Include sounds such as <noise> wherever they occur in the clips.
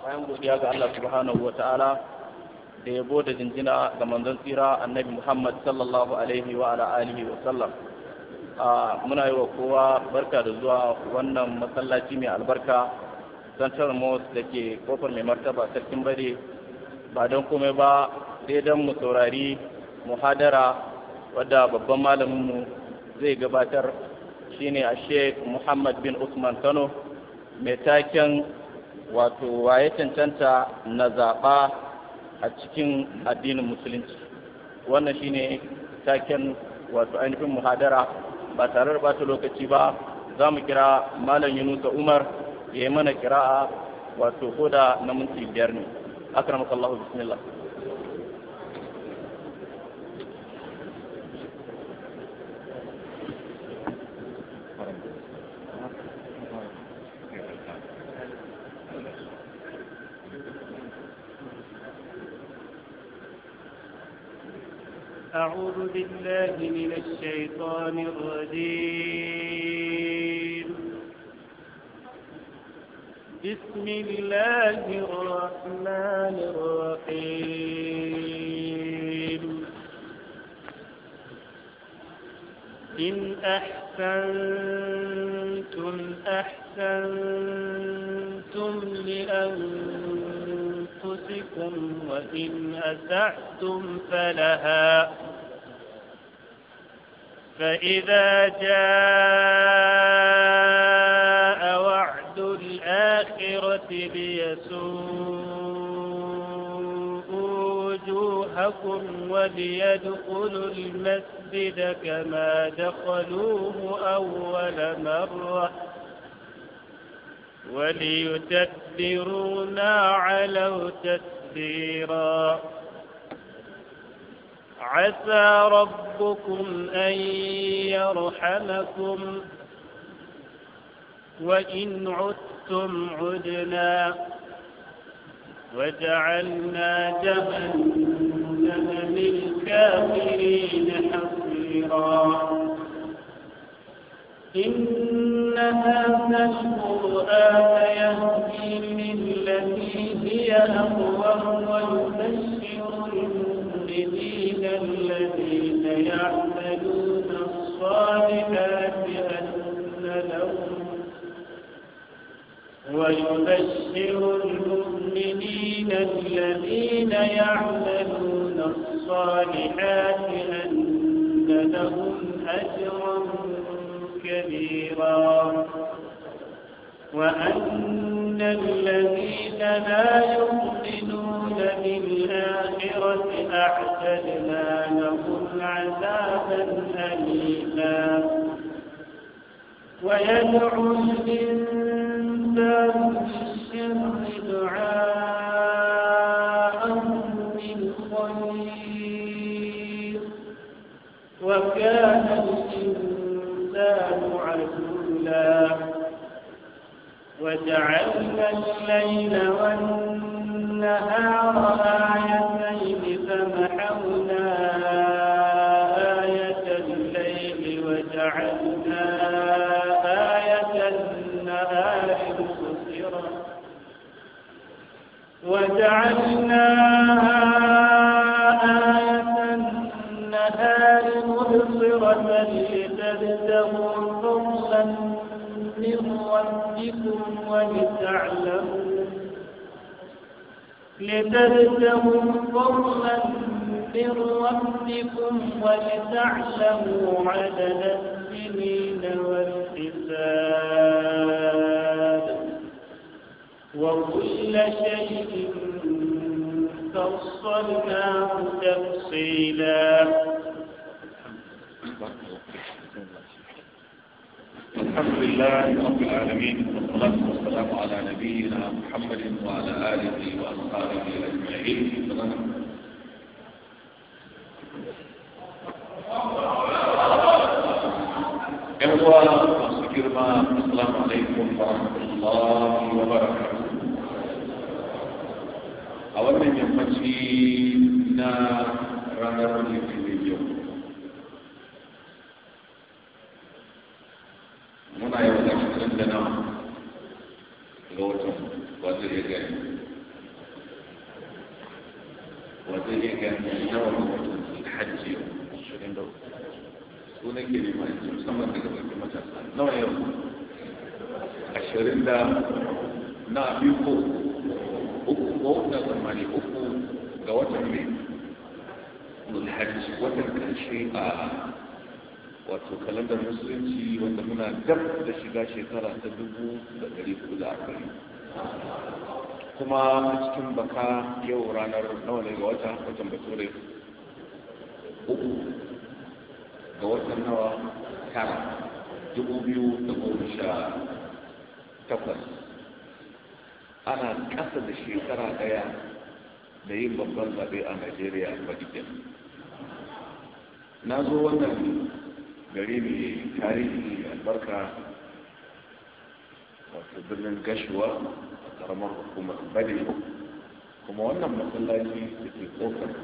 bayan godiya ga Allah subhanahu wa ta'ala da yabo da jinjina ga manzon tsira annabi Muhammad sallallahu alaihi wa ala alihi wa sallam muna yi wa kowa barka da zuwa wannan masallaci mai albarka central mosque da ke kofar mai martaba sarkin Badi, ba don komai ba sai don mu saurari muhadara wadda babban malaminmu zai gabatar shine a sheikh muhammad bin usman kano mai taken wato waye cancanta na zaɓa a cikin addinin musulunci wannan shine taken wato ainihin muhadara ba tare da bata lokaci ba za mu kira malam yunusa umar ya yi mana kira'a wato koda na minti biyar ne akramaka allahu bismillah أعوذ بالله من الشيطان الرجيم بسم الله الرحمن الرحيم إن أحسنتم أحسنتم لأنفسكم وإن أسعتم فلها فإذا جاء وعد الآخرة ليسوء وجوهكم وليدخلوا المسجد كما دخلوه أول مرة وليتدبروا ما علوا تدبيرا عسى ربكم أن يرحمكم وإن عدتم عدنا وجعلنا جهنم للكافرين حصيرا إن هذا القرآن يهدي للتي هي أقوى ويبشر المؤمنين الذين يعملون الصالحات أن لهم أجرا كبيرا وأن الذين لا يؤمنون بالآخرة أعتدنا لهم عذابا أليما ويدعو الإنسان وكان الإنسان وجعلنا الليل والنهار آيتين جعلناها آية النهار مبصرة لتبتغوا فضلا من ربكم ولتعلموا لتبتغوا فضلا من ربكم ولتعلموا عدد السنين والحساب وكل شيء فصلناه تفصيلا الحمد لله رب العالمين والصلاة والسلام على نبينا محمد وعلى آله وأصحابه أجمعين إخوة السلام عليكم ورحمة الله وبركاته a wannan yammaci na ranar litinin yau muna yau da ashirin da nawa ga watan wata ya gani wata ya gani nawa ga watan hajji yau ashirin da su ne ke nema yanzu musamman daga bakin matasa nawa yau ashirin da na biyu ko ko ina zamani uku ga watan mai mulhajji watan karshe a wato kalandar musulunci wanda muna gab da shiga shekara ta dubu da ɗari hudu da arba'in kuma cikin baka yau ranar nawa ne ga wata watan bature uku ga watan nawa tara dubu biyu da goma sha takwas ana ƙasa da shekara ɗaya da yin babban zaɓe a najeriya ba kenan na zo wannan gari mai tarihi albarka wasu birnin gashuwa a karamar hukumar bade kuma wannan masallaci da ke kofar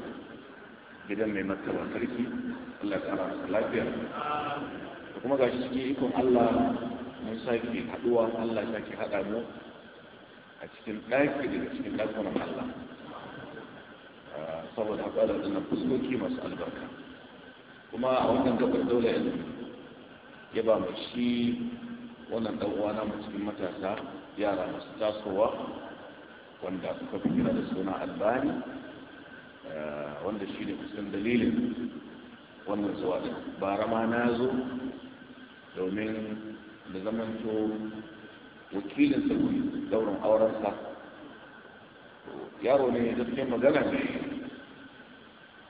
gidan mai matsala sarki allah tsara masa lafiya da kuma gashi cikin ikon allah mun sake haɗuwa, allah ke haɗa mu a cikin ɗaki daga cikin ɗakunan Allah ah, saboda haka da zanen fuskoki masu albarka kuma a wannan gabar daular yanzu ya ba mu shi wannan ɗan na mu cikin matasa yara masu tasowa wanda suka fi gina da suna albani ah, wanda shi ne kusan dalilin wannan zuwa da bara ma na zo domin da zamanto wakilin sa ne daurin auren sa yaro ne cikin magana ne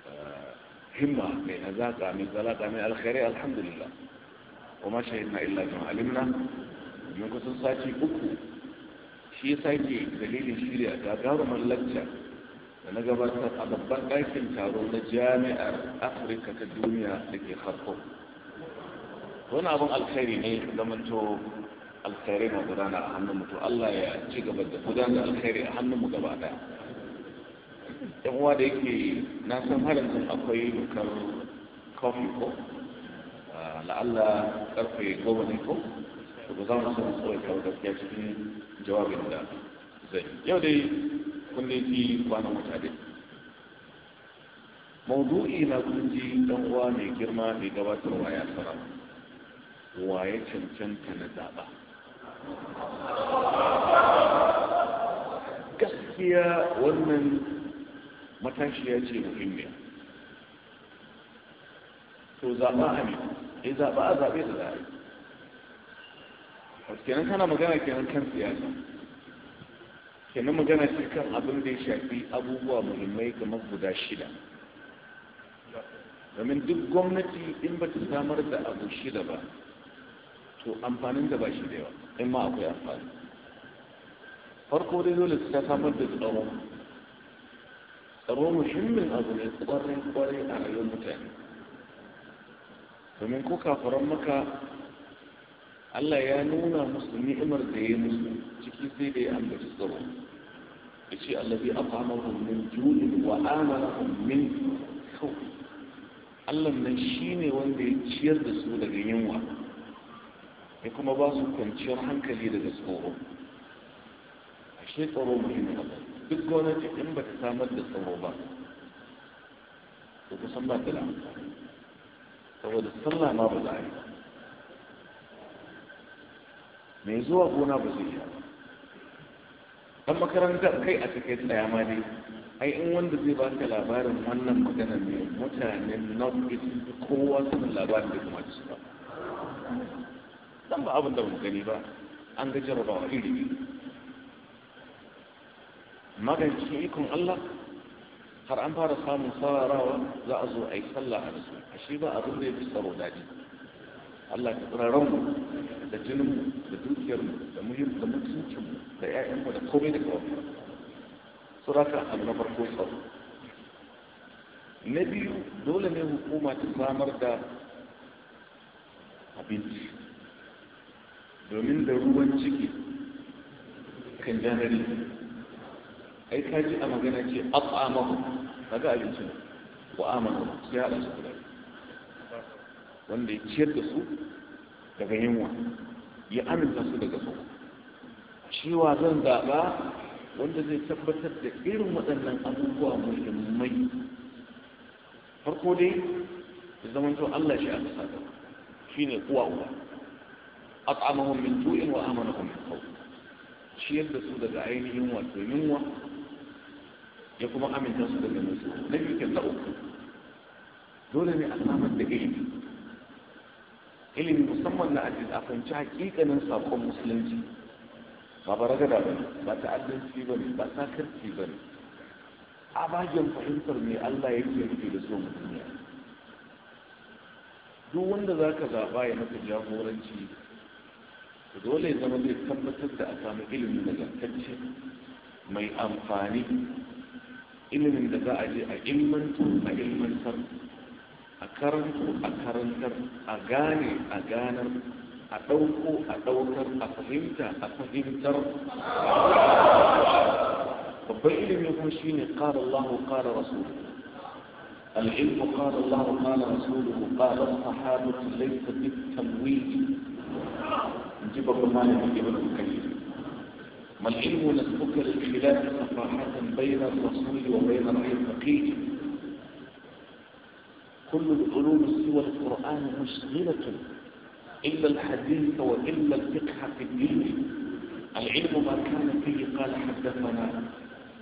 eh, himma mai hazaka mai zalaka mai alkhairi alhamdulillah wa ma shahidna illa bima alimna mun kusan sati uku shi ya sake dalilin shirya gagarumar lacca da na gabatar a babban ɗakin taro na jami'ar afirka ta duniya da ke Harko. wani abin alkhairi ne zamanto alkhairai na gudanar a hannun mutu Allah ya ci gaba da gudanar alkhairai a hannun mu gaba da yan uwa da yake na san harin akwai dokar kofi ko ah, la'alla karfe goma ne ko ba za mu san tsawai kawo gaskiya cikin jawabin da zai yau dai kun ne fi kwanan mutane maudu'i na kun ji dan uwa mai girma mai gabatarwa ya tsara. waye cancanta na zaɓa gaskiya wannan ya ce muhimmiya to zaɓa a ne ya eh, zaɓa a zaɓe da zaɓe wasu kenan kana magana kenan kan siyasa kenan magana ce kan abin da ya shafi abubuwa muhimmai kamar guda shida domin duk gwamnati in ba ta samar da abu shida ba to amfanin da ba shi da yawa in ma akwai amfani farko dai dole su ta samar da tsaro tsaro muhimmin abu ne kwarai kwarai a rayuwar mutane domin ko kafaran maka Allah ya nuna musu ni'imar da ya musu ciki sai da ya ambaci tsaro ya ce allazi afamahum min ju'in wa amanahum min kawai. Allah nan shine wanda ya ciyar da su daga yunwa ya kuma ba su kwanciyar hankali daga tsoro a shi tsoro muhimmin abu duk gwamnati in ba ta samar da tsoro ba to kusan ba ta da amfani saboda sallah ma ba za a yi mai zuwa gona ba zai yi dan makarantar kai a take tsaya ma dai ai in wanda zai baka labarin wannan maganar ne mutanen north east kowa suna labarin da kuma su ba dan ba abin da mu gani ba an ga jarabawa ilimi magana cikin ikon Allah har an fara samun sararawa za a zo a yi sallah a su a shi ba abin da ya fi tsaro daji Allah ka tsirarren mu da jinin mu da dukiyar mu da muhim da mutuncin mu da ƴaƴan mu da komai da kawai so da ka abu na farko tsaro na biyu dole ne hukuma ta samar da abinci domin da ruwan ciki kan janari ai ka ji a magana ce at'amahu kaga abinci wa amanu ya hada su wanda ya ciyar da su daga yunwa ya aminta su daga su cewa zan zaɓa wanda zai tabbatar da irin waɗannan abubuwa muhimmai farko dai da zaman Allah shi aka shi ne kuwa uwa at'amahum min ju'in wa amanahum min khawf ciyar da su daga ainihin wato yunwa ya kuma aminta su daga nasu na biyu kenan uku dole ne a samar da ilimi ilimi musamman na addini a fahimci hakikanin sakon musulunci ba baragada ba ne ba ta'addanci ba ne ba sakarci ba ne abagen fahimtar me Allah yake nufi da son duniya duk wanda za ka zaɓa ya maka jagoranci to dole zama zai tabbatar da a samu ilimin nagartacce mai amfani ilimin da za a je a ilmantu a ilmantar a karantu a karantar a gane a ganar a ɗauko a ɗaukar a fahimta a fahimtar babban ilimin kuma shi ne ƙara Allah ƙara rasulu العلم قال الله قال رسوله قال الصحابة ليس بالتمويل نجيب برضه مالك يجيب ابن القيم ما العلم نسبك للخلاف صفاحات بين الرسول وبين الرأي الفقيه كل العلوم سوى القرآن مشغلة إلا الحديث وإلا الفقه في الدين العلم ما كان فيه قال حدثنا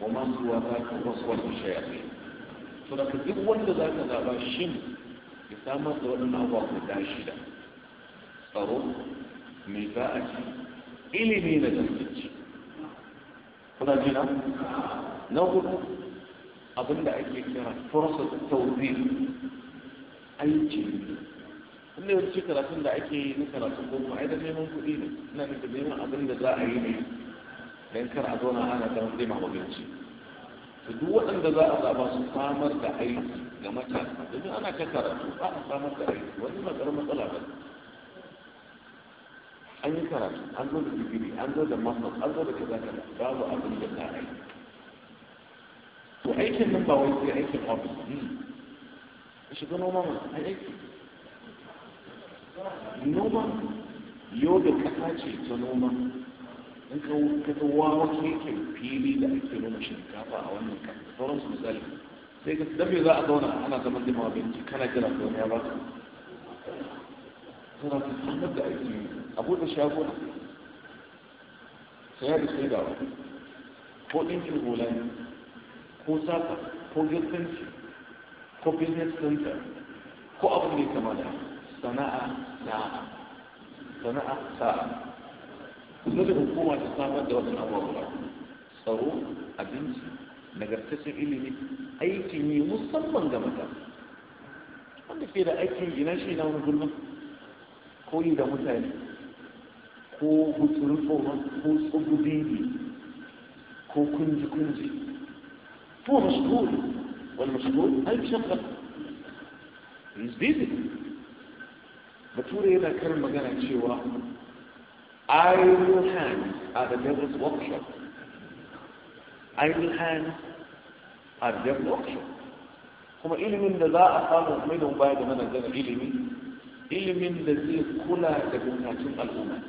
وما سوى ذاك الوسوسة الشياطين فلك دول wanda za ka zaɓa shin ya samar da me za a ci ilimi na gaskici kuna jina na hudu abinda ake kira fursat tawzir aiki inda yanzu karatun da ake yi na karatun boko ai da neman kuɗi ne ina nufin neman abin da za a yi ne don kar a zauna ana ta wani ma maganci to duk waɗanda za a zaɓa su samar da aiki ga matasa domin ana ta karatu ba a samar da aiki wani ba matsala ba an yi karatu an zo da digiri an zo da masters an zo da kaza kaza babu abin da za aiki. to aikin nan ba wai sai aikin ofis hmm. ka shiga noma ma a aiki noma yau da kasa ce ta noma in ka ga wawa kekin fili da ake noma shinkafa a wannan sauran sauransu misali sai ka dabe za a zauna ana zaman jima abinci kana jira ko ya ba ka sauransu samar da aiki a buɗe shaguna saya da sai dawa ko ɗinkin hula ne ko saka ko girkanci ko business center ko abin da ya kama da sana'a sa'a sana'a sa'a kuma da hukuma ta samar da wasu abubuwa tsaro abinci nagartaccen ilimi aikin yi musamman ga mata wanda ke da aikin gina shi na wani gulma ko yi da mutane ko gutsuru tsoron ko tsubu bibi ko kunji kunji ko mashgul wal mashgul ai shakka is busy bature yana karin magana cewa idle hands are the devil's workshop idle hands are the devil's workshop kuma ilimin da za a samu mai da baya da mana ilimi ilimin da zai kula da bukatun al'umma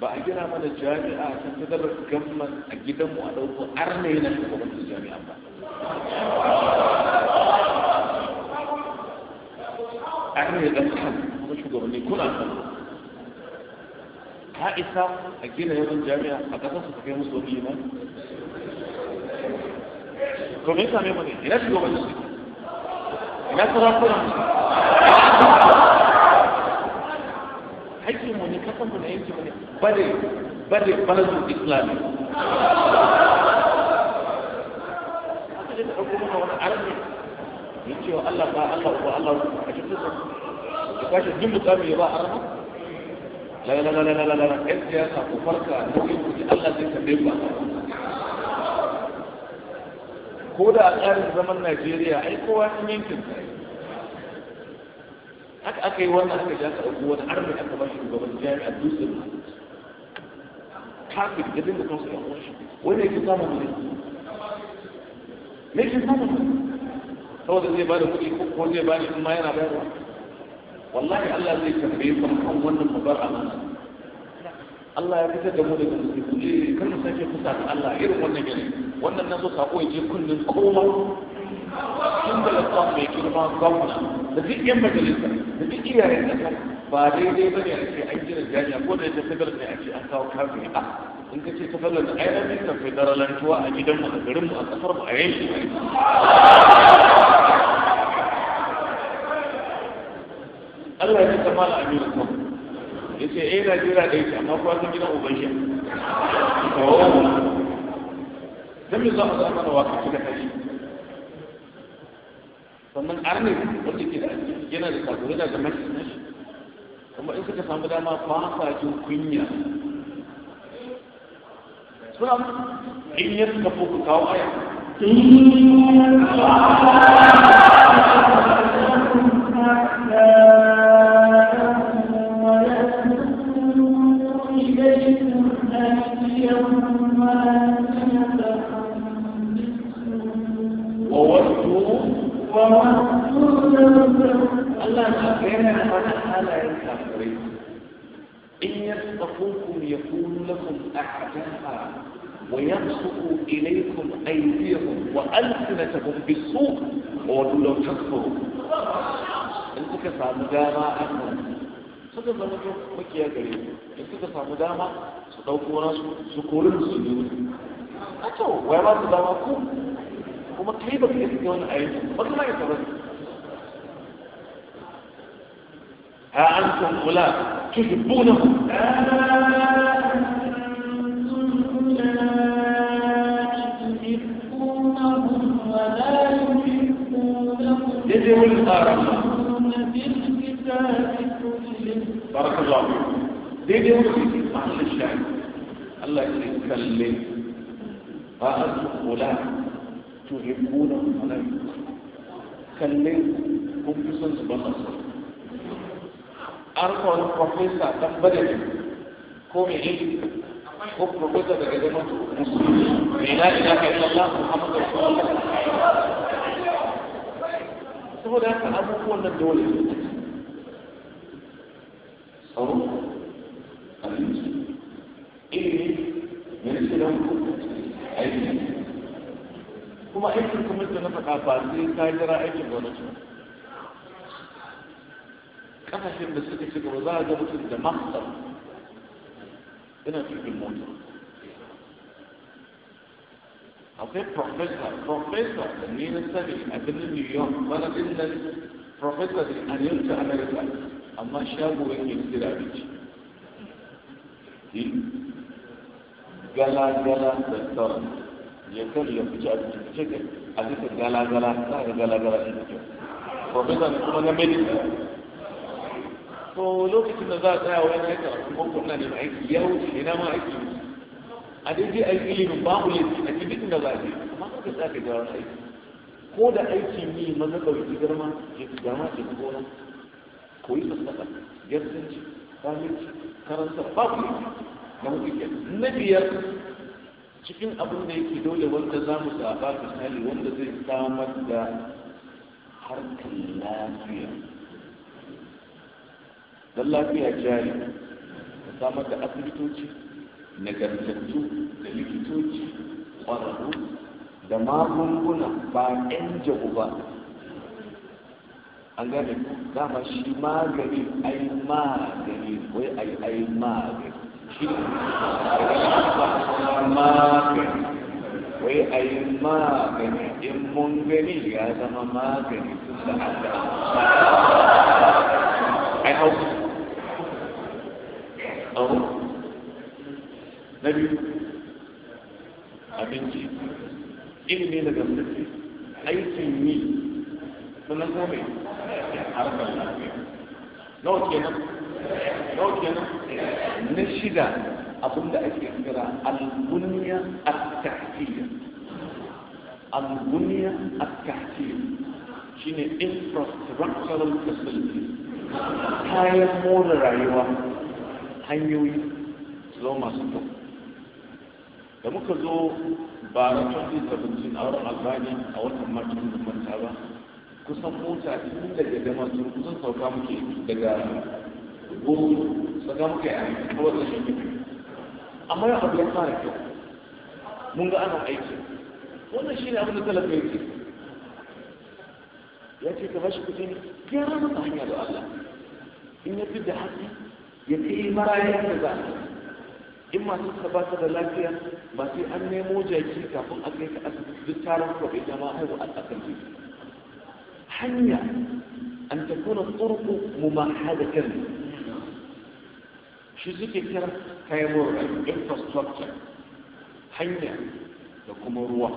ba a gina mana jami'a ta federal government a gidanmu a ɗauko arna yana shugabantar jami'a ba arna ya ɗan kan kuma shugabanni kuna kan ta isa a gina yawan jami'a a ƙasar su ta kai musu wani imani to me yasa ne mana ina shugabanni ina sarakunan musu haƙƙin mu ne kasan mu na yanki mu ne bare bare balazul islami aka je ta ɗauko mana wani arni ya ce wa Allah ba Allah ko Allah a cikin sa ya kwashe duk mutane ya ba arna la la la la la la ɗan siyasa ku farka nauyin ku Allah zai tambaye ku ko da a tsarin zaman Najeriya ai kowa sun yankin sa haka aka yi wannan aka ja ka ɗauko wani arme aka ba shi shugaban jami'ar dutsen kafin da dinga kansu ɗan uwan wani wanda yake samun ne me yake samun ne saboda zai ba da kuɗi ko zai ba da in ma yana bayarwa wallahi Allah zai tambaye ka kan wannan babbar amana Allah ya fitar da mu daga musulmi kar mu sake kusa da Allah irin wannan gari. wannan nan so sako ya je kullun kowa tun da lafiyar mai girma gwamna da duk yan majalisa da duk iyayen ƙasa ba daidai ba ne a ce an gina jami'a ko da yadda federal ne a ce an kawo kafin a in ka ce ta federal da ainihin ta federalantuwa a gidanmu a garinmu a ƙasar mu a yanki Allah ya ta mala amina kan ya ce eh jira da yake amma kuwa sun gina uban shi to dan me za mu zama da waka da kashi. sannan arni wanda ke da yana da sako yana da mai kuma in suka samu dama fasa jin kunya suna in ya suka fi kawo aya in إن يستطوكم يكون لكم أعداء ويبسطوا إليكم أيديهم وألسنتهم بالسوء وقالوا لو تكفروا أنت كسام داما أنهم سجد لك مكي يا قريب أنت كسام داما ستوكوا ناسو سكور السجود أتو ويما تداما كوم وما كيف يسجون أيديهم ما كما يترسل ها أنتم غلام تحبونه بارك الله فيك دي دي الكتاب معلش الشعر الله يتكلم ها أنتم غلام تحبونهم ولا يحبونكم كلمهم هم في صنص بنصر an kawai profesa ɗan ko me ne ko profesa daga zaman musulmi Ina ina ka Allah Muhammadu saboda haka abubuwan nan dole tsaro ilimi mai shi da aiki kuma aikin kuma da na faɗa ba ka jira aikin gwamnati ba kasashen da suka ci za a ga mutum da master yana cikin mota akwai professor professor da ne na sani a birnin new york malamin nan professor ne a ta america amma shago yake sira abinci galagala da sauran ya kari ya fice abinci fice a duka galagala ta za a ga galagala gala ɗin kyau professor ne kuma na medical so lokacin da za a tsaya wani aiki a kuma kuna neman aiki ya wuce ina ma aiki a daidai aiki ilimin ba mu yi a cikin da za a yi, amma ka tsaya ka gyara aiki ko da aikin yi maza ɗauki girma ya fi girma ya fi gona ko yi sassaƙa yarsanci kamici karanta babu na hudu ke na biyar cikin abin da yake dole wanda za mu zaɓa misali wanda zai samar da harkar lafiya don lafiya jari da samar da asibitoci nagartattu da likitoci ƙwararru da magunguna ba ƴan jabu ba an gane dama shi magani ai magani wai ai ai magani shi magani wai ai magani in mun gani ya zama magani tun da an ai hausa abu na biyu abinci ilimi da gaske aikin yi sannan kuma mai harkar lafiya nawa kenan nawa kenan na shida abinda ake kira al-dunya at-tahsiyya al-dunya at-tahsiyya shine infrastructural facility kayan more rayuwa hanyoyi su zama masu kyau da muka zo ba na 2017 a wurin albani a watan martin da manta ba kusan mota tun daga gama sun kusan sauka muke daga muka yi muke a wata da shi amma yau abu ya fara kyau mun ga ana aiki wannan shi ne abin da talaka yake ya ce ka bashi kuɗi gyara masa hanya da Allah in ya fi da hatsi ya ce bayan eh, da za in masu ka ba da lafiya ba sai an nemo jaki kafin a kai ka asibiti duk taron ko ita ma haihu an asibiti hanya an ma haɗa kan shi suke kira kayan infrastructure hanya da kuma ruwa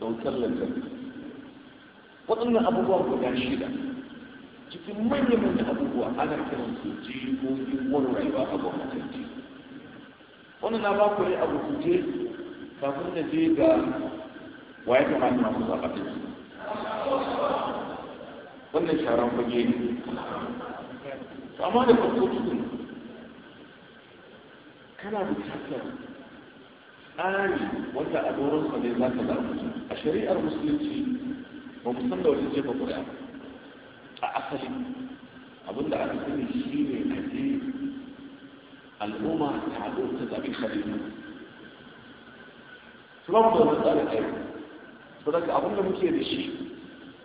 da wutar lantarki waɗannan abubuwan guda shida cikin manyan manyan abubuwa ana kiran su jigogin rayuwa a gwamnatance Wani na baku ne a rubuce kafin na je ga waye kamata masu zaɓaɓe wannan sharan fage ne amma da farko cikin kana bukatar tsari wanda a doron sa ne za ka zaɓa a shari'ar musulunci ba musamman wajen jefa ƙuri'a a asali abinda aka sani shi ne ajiye al'umma ta haɗu ta zaɓi khalifa su ba mu da wani tsarin aiki su daga abinda muke da shi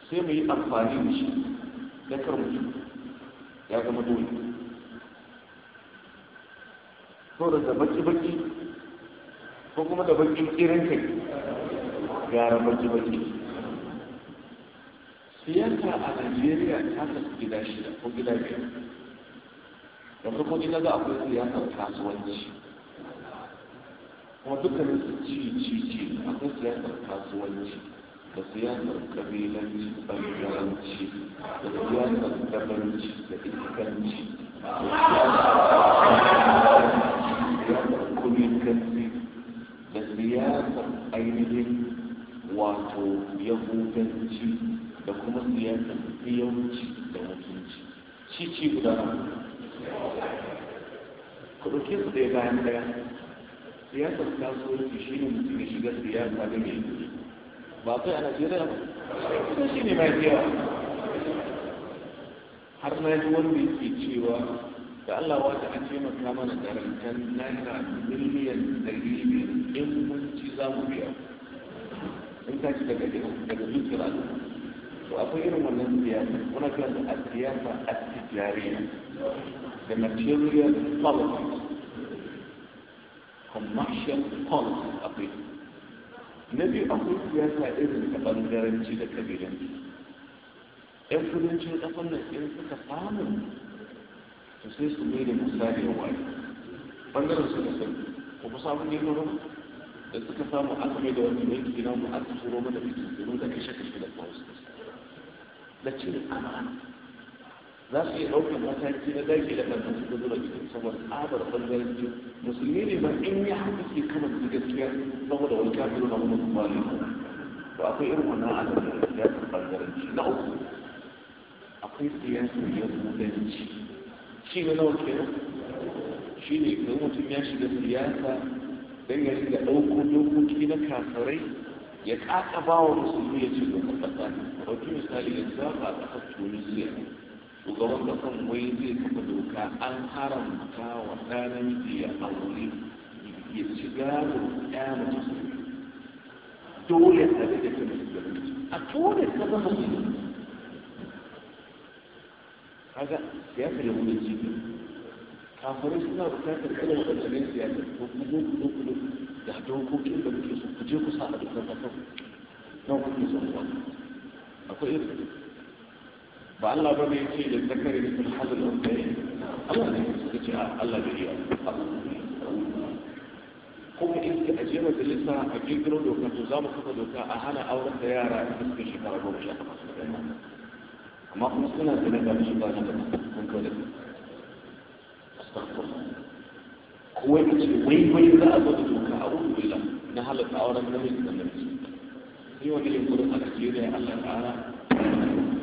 sai mu yi amfani da shi da kar mutum ya zama dole so da baki-baki ko kuma da bakin irin kai gara baki-baki siyasa a najeriya ta tafi gida shida ko gida biyar da farko gida za a kai siyasar kasuwanci kuma dukkanin su ci ci ci akwai siyasar kasuwanci da siyasar kabilanci bangaranci da siyasar gabanci da iskanci da siyasar kulikanci da siyasar ainihin wato yahudanci da kuma siyasar yawanci da mutunci shi ci guda ku ɗauke su ɗaya bayan ɗaya siyasar kasuwanci shi ne mutum ya shiga siyasa da mai ba kai a najeriya ba kuma shi ne mai yawa har na yi wanda yake cewa da Allah wata ta ake maka mana garantan naira miliyan ɗari biyar in mun ci za mu biya sun tashi daga daga zuciyar al'umma to akwai irin wannan siyasa muna kiran da a siyasa a tijariya the material politics commercial politics akwai na biyu akwai siyasa irin ta bangaranci da kabilanci yan kudancin kafin nan in suka samu to sai su mai da misali wani bangaren su da sun kuma samun yin da da suka samu aka mai da wani yanki na mu aka turo mana fitintunu da kashe kashe da kuma wasu da cin amana za su iya ɗaukar mataki na dage da ɗan su da zuwa cikin saboda tsabar ɓangaren su musulmi ne ba in ya haɗu ke kama su gaskiya saboda wani kafiru na wani kuma ne ba akwai irin wannan alamun da ya san ɓangaren ci na uku akwai siyasar yahudanci shi ne nawa kenan shi ne idan mutum ya shiga siyasa don ya riga ɗauko dokoki na kasarai ya ƙaƙa ba wa musulmi ya ce domin ƙasa ɗauki misali ya zaɓa a ƙasar tunisiya shugaban ƙasan wai zai kafa doka an haramta wa ɗan jiya a aure ya ci gado ɗaya mace musulmi dole a rage ta musulmi a dole ta zama musulmi kaga siyasar yahudanci ne kafirai suna bukatar kalar kalmarin siyasa ko kuma zo ku ku da dokokin da muke so ku je ku sa a dukkan kasar don ku ke son wani akwai irin ba Allah ba ne ya ce da zakari da kun hazar da wanda ya Allah ne suka ce Allah da iya kuma in ka aje majalisa a kirkiro doka to za mu kafa doka a hana auren da yara da suka shekara goma sha takwas amma kuma suna da na gaba shi ba na da kun kawai wai ka ce wai wai za a gwada doka a wani bila na halatta auren namiji da namiji sai wani yankurin a Najeriya Allah ta'ala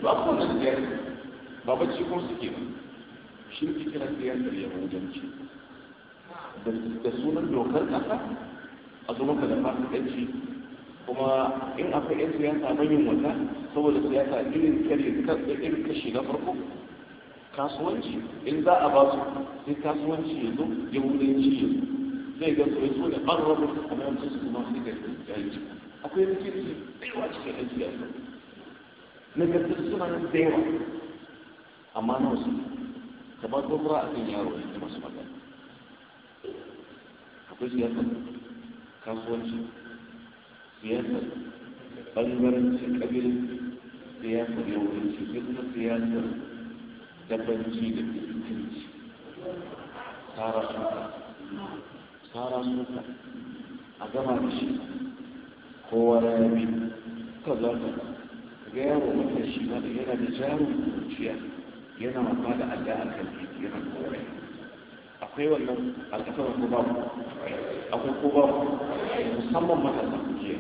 ba ku wannan tsayar ba bacci ko suke ba shi ne kira siyasar yahudanci da sunan dokar ƙasa a zo maka da ɗanci. kuma in akwai 'yan siyasa manyan wata saboda siyasa irin kare irin kashi na farko caso kasuwanci in za a ba su sai kasuwanci ya zo yahudanci ya é zai ga soyi so da ɓarwarwa a mayancin su kuma sai ga jahilci akwai rikin su tsayawa eu tenho a sau na gasar suna nan da yawa amma na wasu kamar é a kan yaro da masu magana akwai siyasar kasuwanci siyasar ɓangaren cikin ƙabilin siyasar se é kuma é siyasar gabanci da mutunci tara suka tara suka a gama da shi kowa ya yi ka za ka ga yaro wanda shi ma yana da jarin zuciya yana mamma da Allah a kan yana korai akwai wannan alƙasar ko babu akwai ko babu musamman matasa kuke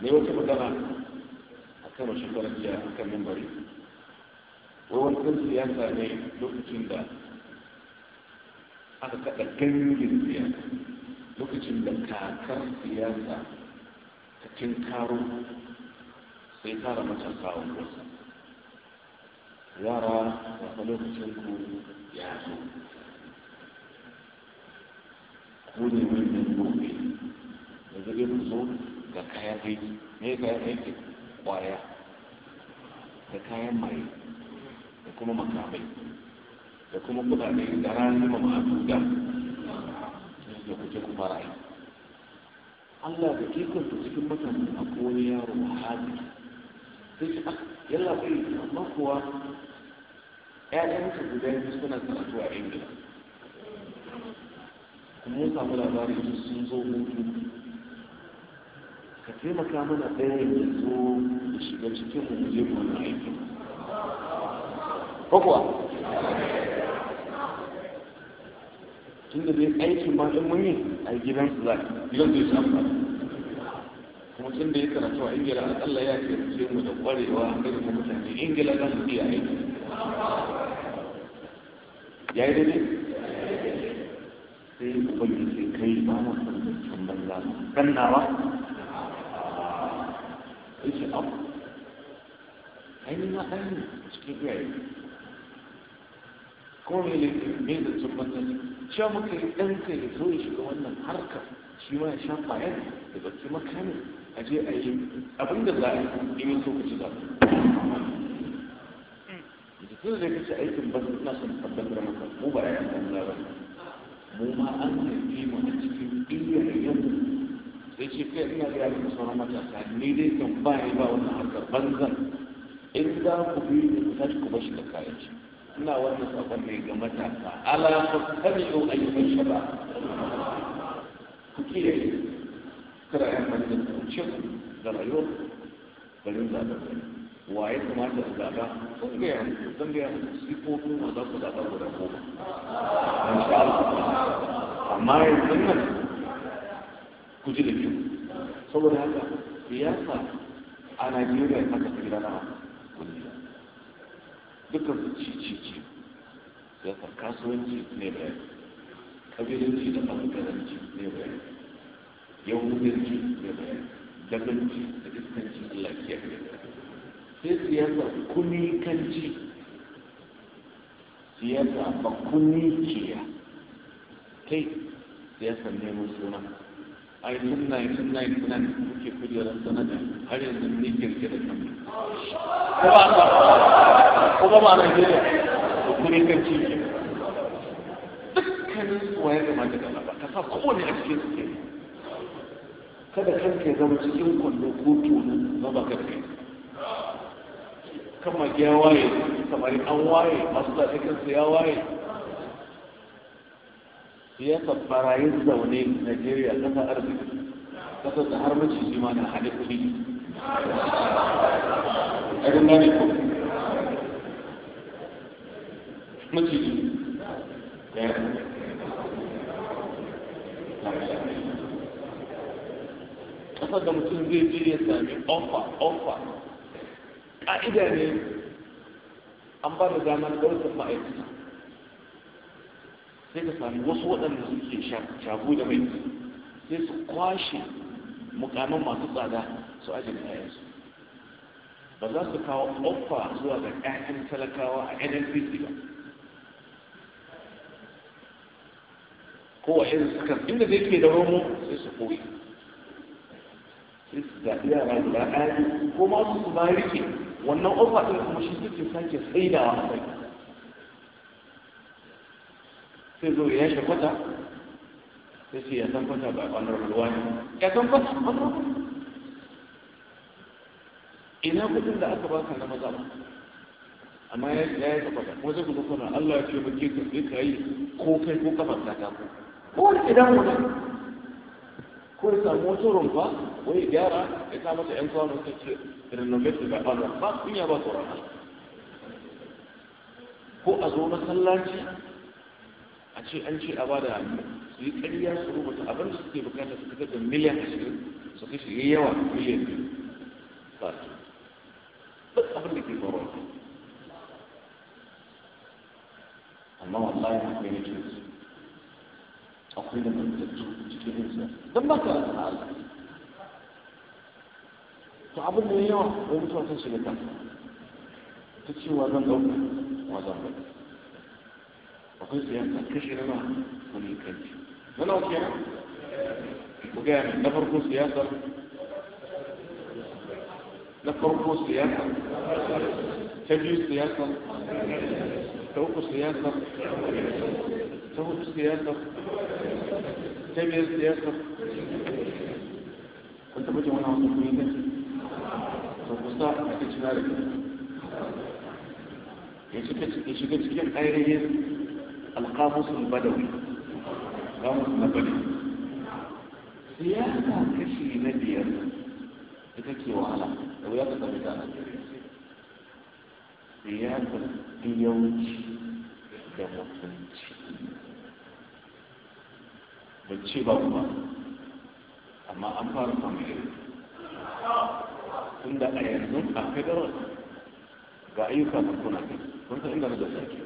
ne wata magana a kan shekarar jiya a kan mimbari wai wani ɗan siyasa ne lokacin da aka kada ganyen siyasa lokacin da kakar siyasa ta karo sai tara matasa kawo wasa yara da fa lokacin ku ya zo ku ne wannan gobe da zai ku zo ga kayan aiki ne kayan aiki kwaya da kayan mai يكون مكامل يكون قطع من الدراسة ومعبودة يكون مرأي الله بكيف كنت تكون مثلا من أقوية روحات تشأك يلا بي ما هو أنا أنت بدأت بسنة تأتوا عيني موسى ولا باري جسنزو موجود كثير مكامنا بين جسو الشيء الذي يمكن أن يكون ko kuwa tun da dai aikin ma ɗin mun yi a gidan su za gidan su ya kuma tun da ya karatu a ingila akalla ya ce su mu da ƙwarewa a irin mutane ingila za su iya aiki ya yi daidai sai ubangiji kai ba na son zancen banza ɗan nawa ya ce abu ainihin na cikin iyaye kuma mai laifin mai zancen banzani cewa muka yi ɗan kai da ya shiga wannan harkar shi ma ya sha ƙwayar da baki makami a je a yi abin da za a yi in yi so ka ci zaɓe da tun da kace aikin banza ina son tabbatar maka mu ba yayan banza ba mu ma an haifi mu a cikin iyayen mu sai ce kai ina ga yaran sauran matasa ni dai kan ba ni ba wannan harkar banzan in za ku bi ku tashi ku bashi da kayan shi ina wannan sakon ne ga matasa ala mustami'u ayyukan shaba ku kiyaye kada yan manzon ku ce da rayuwar garin zaɓen wa ya kamata su zaɓa sun gaya muku sun gaya muku sifofi ma za ku zaɓa guda goma insha Allah amma yanzu nan ku ji da kyau saboda haka siyasa a Najeriya ta kasa da na dukkan su ci ci ci siyasa kasuwanci ne bai kabilanci da ɓangaranci ne bayani yahudanci ne bai daganci da iskanci allah ya ne sai siyasa kunikanci siyasa bakunikiya kai siyasa neman suna ai sunna yi sunna yi sunna ne kuke kujerar sanata har yanzu ne kirke da kan ko ba ka ko ba ma na yi da kuri kan ci dukkanin suwa ya kamata ka lafa ka sa kowane a cikin su ke kada kanka ke zama cikin kwallo ko tono ba ba ka kai kan magiya waye kamar an waye masu zaɓe kansu ya waye siyasa barayin zaune Najeriya kasa arziki kasa da har maciji ma na hada kuɗi a rinna ne ko maciji ɗaya eh. ƙasar da mutum zai je ya sami ofa ofa ƙa'ida ne an ba da damar ɗaukar ma'aikata sai ka sami wasu waɗanda suke shafu da mai sai su kwashe mukamin masu tsada su ajiye su ba za su kawo ofa zuwa ga 'ya'yan talakawa a nnpc ba kowa irin suka inda zai ke da romo sai su koyi sai su zaɓi yara guda ɗaya ko ma su su ma rike wannan offa ɗin kuma shi suke sake tsaidawa a kai sai zo ya yanke kwata sai ce ya san kwata ba kwanar ruwa ne ya san kwata kwanar ruwa ina kudin da aka baka na maza ba amma ya yi ya kwata ko zai kuma kuna Allah ya ce ba ke kai ka yi ko kai ko kafa ta ta ko wani idan wani ko ya samu wata rumfa ya gyara ya sa mata yan kwanar ta ce renovate da ba ba in ya ba tsoron ko a zo masallaci ce an ce a ba da su yi ƙarya su rubuta abin da suke bukata su fitar da miliyan ashirin su kashe yayi yawa miliyan biyu ba su duk abin da ke faruwa amma wallahi akwai na cikin su akwai da mantattu cikin yin su don ba ka rasa Allah to abin da yawa wani mutuwa sun shiga kansa ta cewa zan ɗauka wa zan ɗauka akwai siyasa kashi na wani mulikanci na nawa kenan ku gaya na farko siyasa na farko siyasa ta biyu siyasa ta uku siyasa ta hudu siyasa ta biyar siyasa kun taɓa jin wani wasu kuma yanzu ta kusa a cikin da ya shiga cikin ainihin alkamusul badawi kamusul na badawi siyasa kashi na biyar ita ke wahala da wuya ka sami ta siyasar biyanci da mutunci ban ce ba kuma amma an fara samun iri tunda a yanzu a federal ga ayyuka na kuna kun san inda na da sake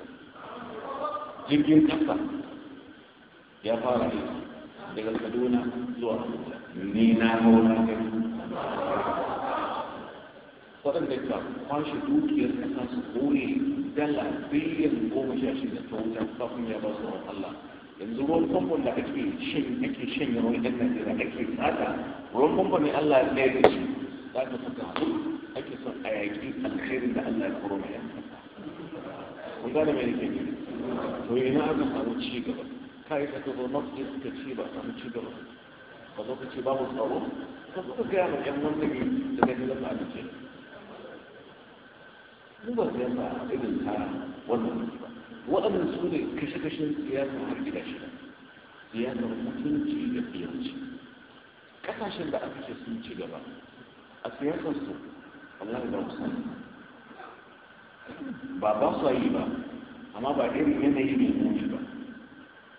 يمكن أكثر يا فارس لقد خدونا لوحة مينا هنا وطن دكتا فاشي دوك يرتفع سبوري دلع بيلين قوم شاشي دكتون تنفقهم يا بصر الله ينزلوا القنبل لأكفي شن أكي شن يروي دكتا دكتا أكفي ساتا ورنقنبل الله ليش لا تفكر أكي صنع أكفي الخير إن الله يقرون يا وقال ما يجيب to ina aka samu cigaba? gaba kai ka zo masjid ka ci ba samu ci gaba ka zo ka ce babu tsaro ka zo ka gaya ma ƴan wanda ne da kai ka samu ci mu ba sai ba irin ta wannan ba waɗannan su ne kashe-kashen siyasar har gida shida siyasar mutunci da siyanci. ƙasashen da aka ce sun ci gaba a siyasar su Allah ya ba mu sani ba ba su yi ba amma ba irin yanayi mai muni ba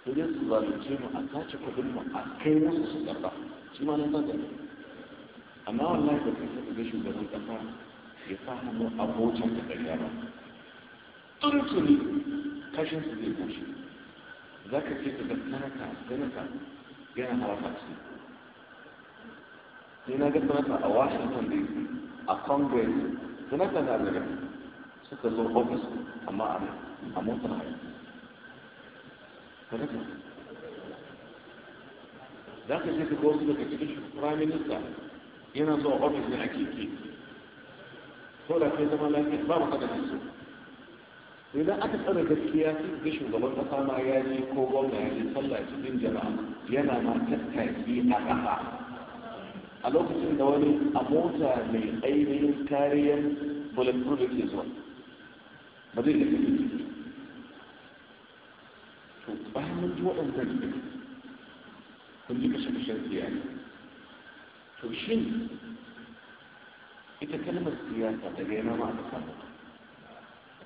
sai dai su zalunce mu a tace kudin mu a kai musu su karba shi ma nan zan amma wallahi ba kai saka ga shugaban kasa ya sa hannu abokin da ƙarya ba tuntuni kashin su zai bushe za ka ce ka ga sanata sanata yana hawa taxi sai na ga sanata a washington dc a congress sanata na daga suka zo ofis amma a nan a mota sadaka za ka ce daga wasu daga cikin prime minister yana zuwa ofis ne a keke ko da kai zama lafiya ba mu kada su idan aka tsara gaskiya sai ga shugaban kasa ma ya je ko gwamna ya je sallah cikin jama'a yana ma tattaki a ƙasa a lokacin da wani a mota mai ainihin kariyar bulletproof da ke zuwa ba zai da kake bayan waɗannan ɗin kun ji kashe-kashen siyasa to shin ita kalmar siyasa daga yana ma ta kama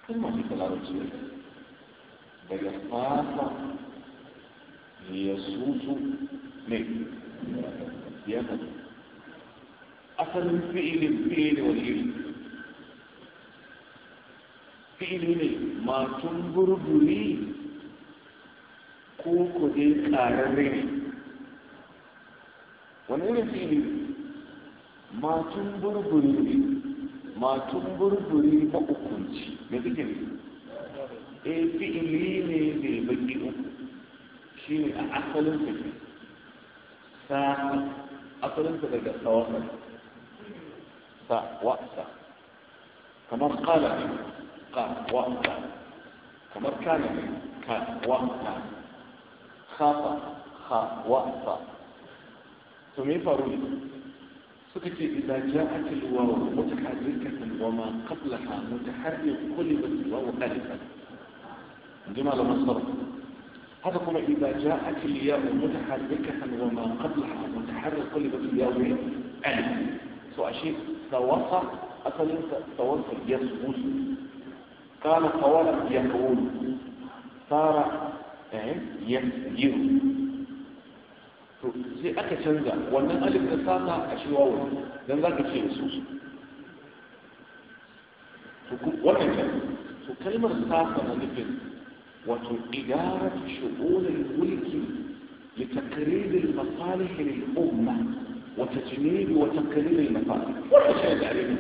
kalmar ta talarci ne daga fata ya sutu ne siyasa ne asalin fi'ilin fi'ili wani iri fi'ili ne matun burburi Ko ku dai ƙararre ne wani irin fili matun burburi matun burburi hukunci mai suke ne e eh, fi'ili ne mai baki uku shi ne a asalin sa ke sa asalin sa daga tsawon sa wa'asa kamar kala ne ka wa'asa kamar kala ne ka wa'asa خاطا خا وأطا فمن فروي سكت إذا جاءت الواو متحركة وما قبلها متحرك قلبت الواو ألفا جمال مصدر هذا كما إذا جاءت الياء متحركة وما قبلها متحرك قلبت الياء ألفا سواء شيء توصى أصل توصل يسوس قال قوالا يقول صار Eh, yasiru to sai aka canza wannan alif da sata a shi wawo za ka ce su to wannan kan to kalmar sata na nufin wato idarat shughul al-mulki li taqrid al-masalih lil-umma wa da wa taqrir al-masalih wannan shi da alif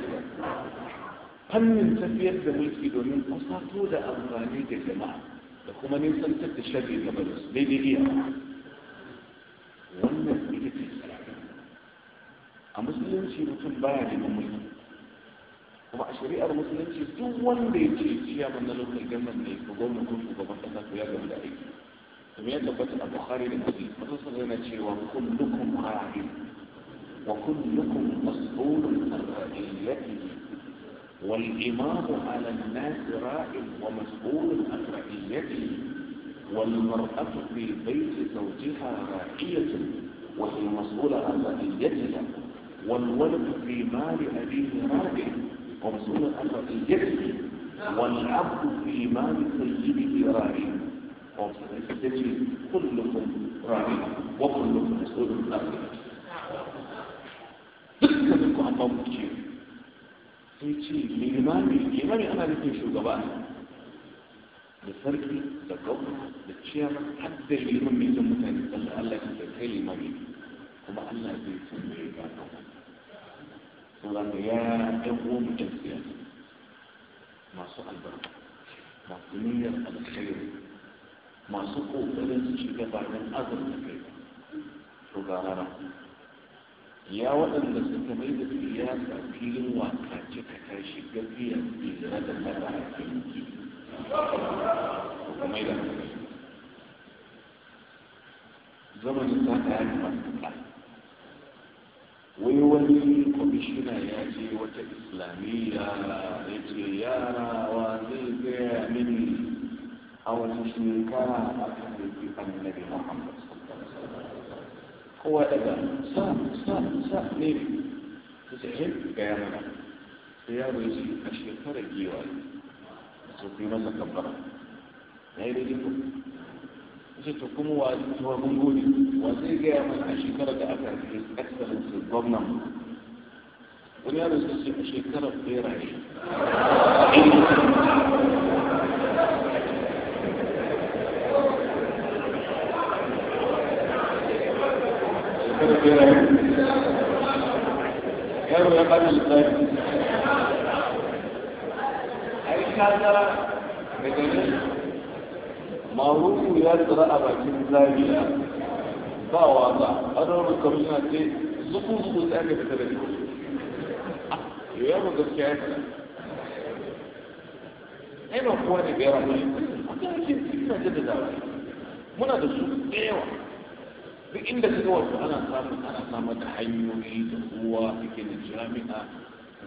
fannin tafiyar da mulki domin kusato da amfani da jama'a da kuma nisantar da shafi game da su daidai iya wannan ita ce sadaka a musulunci mutum baya neman mulki kuma a shari'ar musulunci duk wanda ya ce ciya man na lokacin gaman ne ko gwamnan ko shugaban kasa to ya gama da aiki kuma ya tabbata a bukhari da muslim mutum sun yana cewa kullukum ra'in wa kullukum mas'ulun an ra'iyatihi والإمام على الناس راع ومسؤول عن رعيته والمرأة في بيت زوجها راعية وهي مسؤولة عن رعيتها والولد في مال أبيه راعي ومسؤول عن رعيته والعبد في مال سيده راعي كلكم راع وكلكم مسؤول عن رعيته دكتوركم <coughs> عن sai ce limami limami ana nufin shugaba da sarki da gwamna da ciyar har da liman mai jan mutane sallar allah ya da kai limami kuma allah zai san da ya gano saboda ya ɗan uwan mutum siyasa masu albarka masu niyyar alkhairi masu ƙoƙarin su ci gaba don azurta kai to ga ya waɗanda suka mai da siyasa filin wasa ce ka tashi gafiya tsira da mara a kinki kuma da zamanin ta ta yi masu wai wani kwamishina ya ce wata islamiyya ya ce yara wa zai gaya mini a wani shekara a kan annabi muhammad هو أبا صام صام صام ليه تزعل قيامنا قيام يزيد أشياء فرق جيوان سوف مزا كبرة غير يجيكم جيتكم وأنتوا منقولي وزي قيامنا أشياء فرق أكثر أكثر من الضمن ويا رزق أشياء فرق غير عشي beraye yaro ya bada lissafi ai ya a bakin zariya ba wasa an rarru kamishina ce zuku zuku sai aka fita da shi yaro gaskiya ya ai ba kowa ne beraye ne a kan ake cikin da muna da su da yawa duk inda ka ga su ana samun ana samar da hanyoyi da kowa ke da jami'a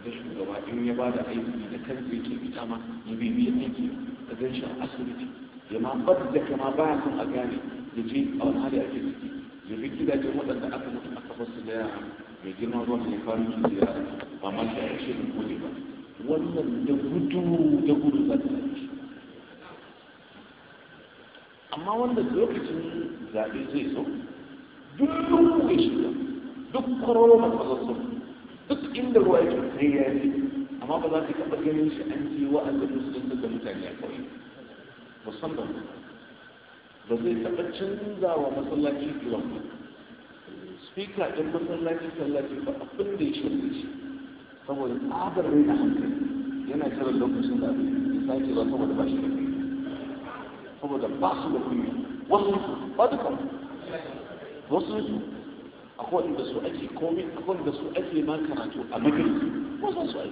da shugaba in ya ba da aiki da kansa ke fita ma ya bibiya aiki da zan shi a asibiti ya ma ba da kama baya son a gane ya je a wani hali ake ciki ya bi gidajen waɗanda aka mutu aka basu da yara mai girma ruwa ne faru ki da yara ba ma shi a yashe da gode ba wannan da gudu da gudu za ta yi amma wanda lokacin zaɓe zai zo duk lungu ya shiga duk kwararwa masu duk inda ruwa yake sai ya yi amma ba za ka taɓa ganin shi an ce wa'azin musulunci da mutane a kawai musamman ba zai taɓa canza wa masallaci kiwon ba spika ɗin masallaci sallaci ba abin da ya shirya shi saboda tsabar rai da hankali yana jiran lokacin da abin ya sake zuwa saboda ba shi da saboda ba su da kunya wasu ba duka wasu su akwai da su ake komai akwai da su ake ma karatu a majalisi wasu su ake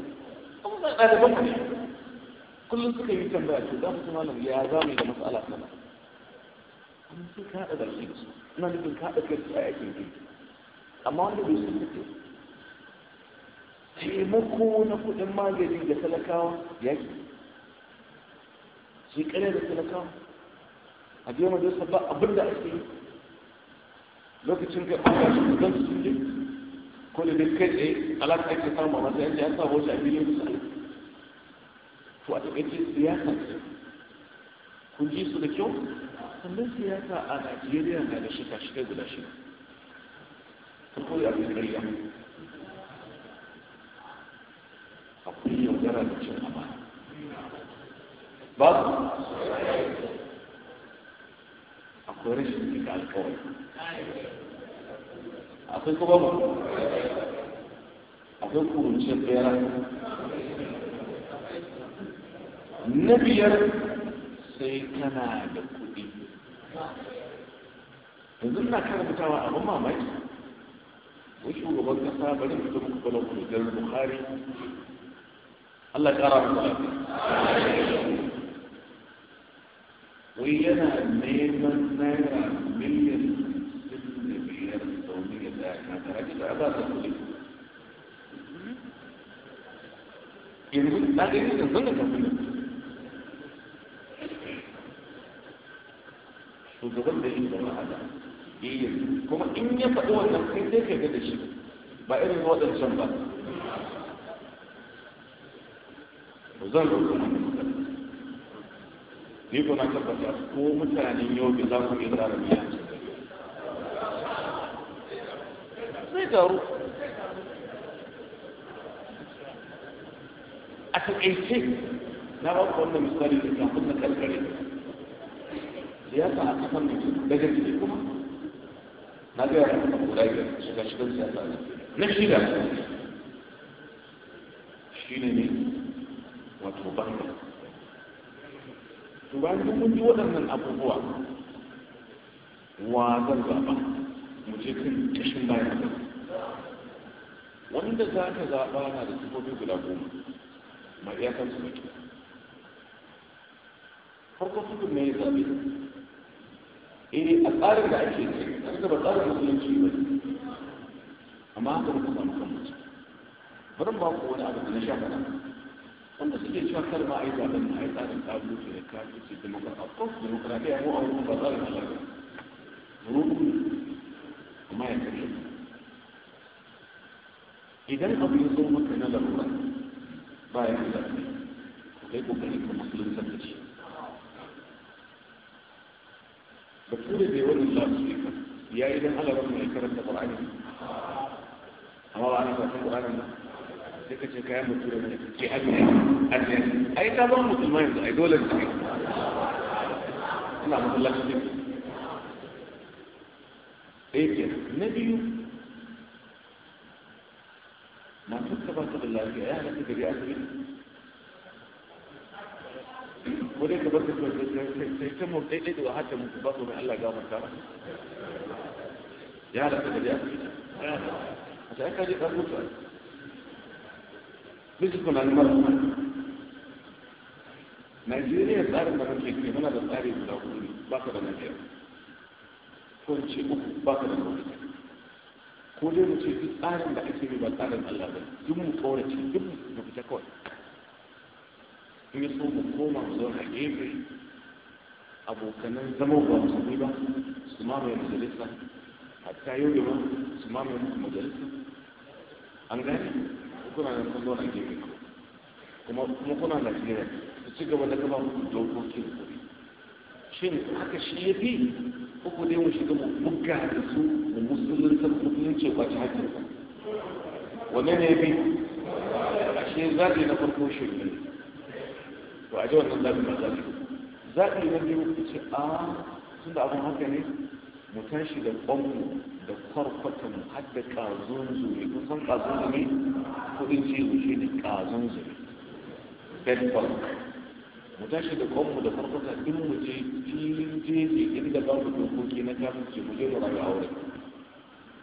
kuma za a da ɗaliban ne kullum suka yi tambaya to da mutum malam ya za mu yi da matsala sana amma su ka haɗa baki da su ina nufin ka haɗa kai a yakin kai amma wanda bai su suke taimako na kuɗin magani da talakawa ya yaki shi ƙare da talakawa a je majalisa ba abin da ake yi lokacin ka fara shi zan su sun je ko da duk kai tsaye alaƙa ake samu a matsayin ya sa hoshi a miliyan misali to a taƙaice siyasa ce kun ji su da kyau sannan siyasa a najeriya na da shika-shika guda shida farko da a ƙarya akwai yaudara da cin amma ba su akwai rashin cika alkawari akwai kuma ba akwai kurunce bera na biyar sai kana da kuɗi yanzu na karatawa abin mamaki wai shugaban kasa bari mutum muku kwallon kujerar buhari Allah ya ƙara muku lafiya ويانا نيمان نيرا مليون سن بيان الدولية ده احنا تراجل عبادة كله يقول لا دي نظن كمية shugaban da yin zama hada yi kuma in ya faɗi wannan kai sai ka ga da shi ba irin waɗancan ba zan roƙi ni ko na tabbata ko mutanen yau za ku iya tsara zai a na ba ku wannan misali da kafin na karkare da ya sa a kafan da ke daga kuma na ga guda biyar shiga shigar siyasa na yanzu kun waɗannan abubuwa wa zan zaɓa mu je kan ƙashin bayan ka wanda za ka zaɓa na da sifofi guda goma ma iyakar su mutu farko sufin ne ya zaɓe eh a tsarin da ake kai an gaba tsarin musulunci ba amma haka ba ku samu kan mutum bari ba ku wani abu da na sha faɗa wanda suke cewa kar ma a yi zaben na a yi tsarin kabuci da kabuci demokrat of course demokratiya ko a wurin ba tsarin halaka rukun amma ya kashe idan abu ya zo maka na larura ba ya yi zaɓe kai kokarin ka musulunta da shi bature bai wani lasu ne ya yi don alarar mai karanta ƙwararri amma ba ana karanta ƙwararri sai ka ce kayan mutu da mutu ce hajji ai ta zama musulman yanzu ai dole ne ina masallaci ne ɗaya ke na biyu masu ka ba ta da lafiya ya halatta gari asibiti ko dai ka bar ta sai ta mu ɗaiɗai da har ta mutu ba su mai Allah gafarta ba ya halatta gari asibiti a ta ya kaji ɗan mutu bisa tunanin marasa Nigeria tsarin da kake ke muna da tsari da hudu baka ba ka da najeriya ko ce uku ba ka da najeriya ko dai mu ce duk tsarin da ake bi ba tsarin allah ba duk mu ce duk mu fita kawai in yi so mu koma mu zauna gefe abokanan zama ba mu sami ba su mamaye majalisa hatta yau da ma su mamaye majalisa an gani kuna nan kun zauna gefe kuma kuma kuna Najeriya su ci gaba da gaba muku dokokin kuɗi shin haka shi ya fi ko ku dai mu shiga mu buga da su mu musulunta musulunci ba ta hakkin ba wanne ne ya fi ashe zaɓi na farko shi ne to a ji wannan zaɓi na zaɓi zaɓi na biyu ku ce a ah, sun da abin haka ne mu tashi da ƙwanmu kwarkwatan hadda kazun zuri kun san kazun zuri kudin cizo shi ne kazun zuri bedbug mu tashi da kwanmu da kwarkwata in mu je filin jeji inda babu dokoki na kafin mu je mu rayu a wurin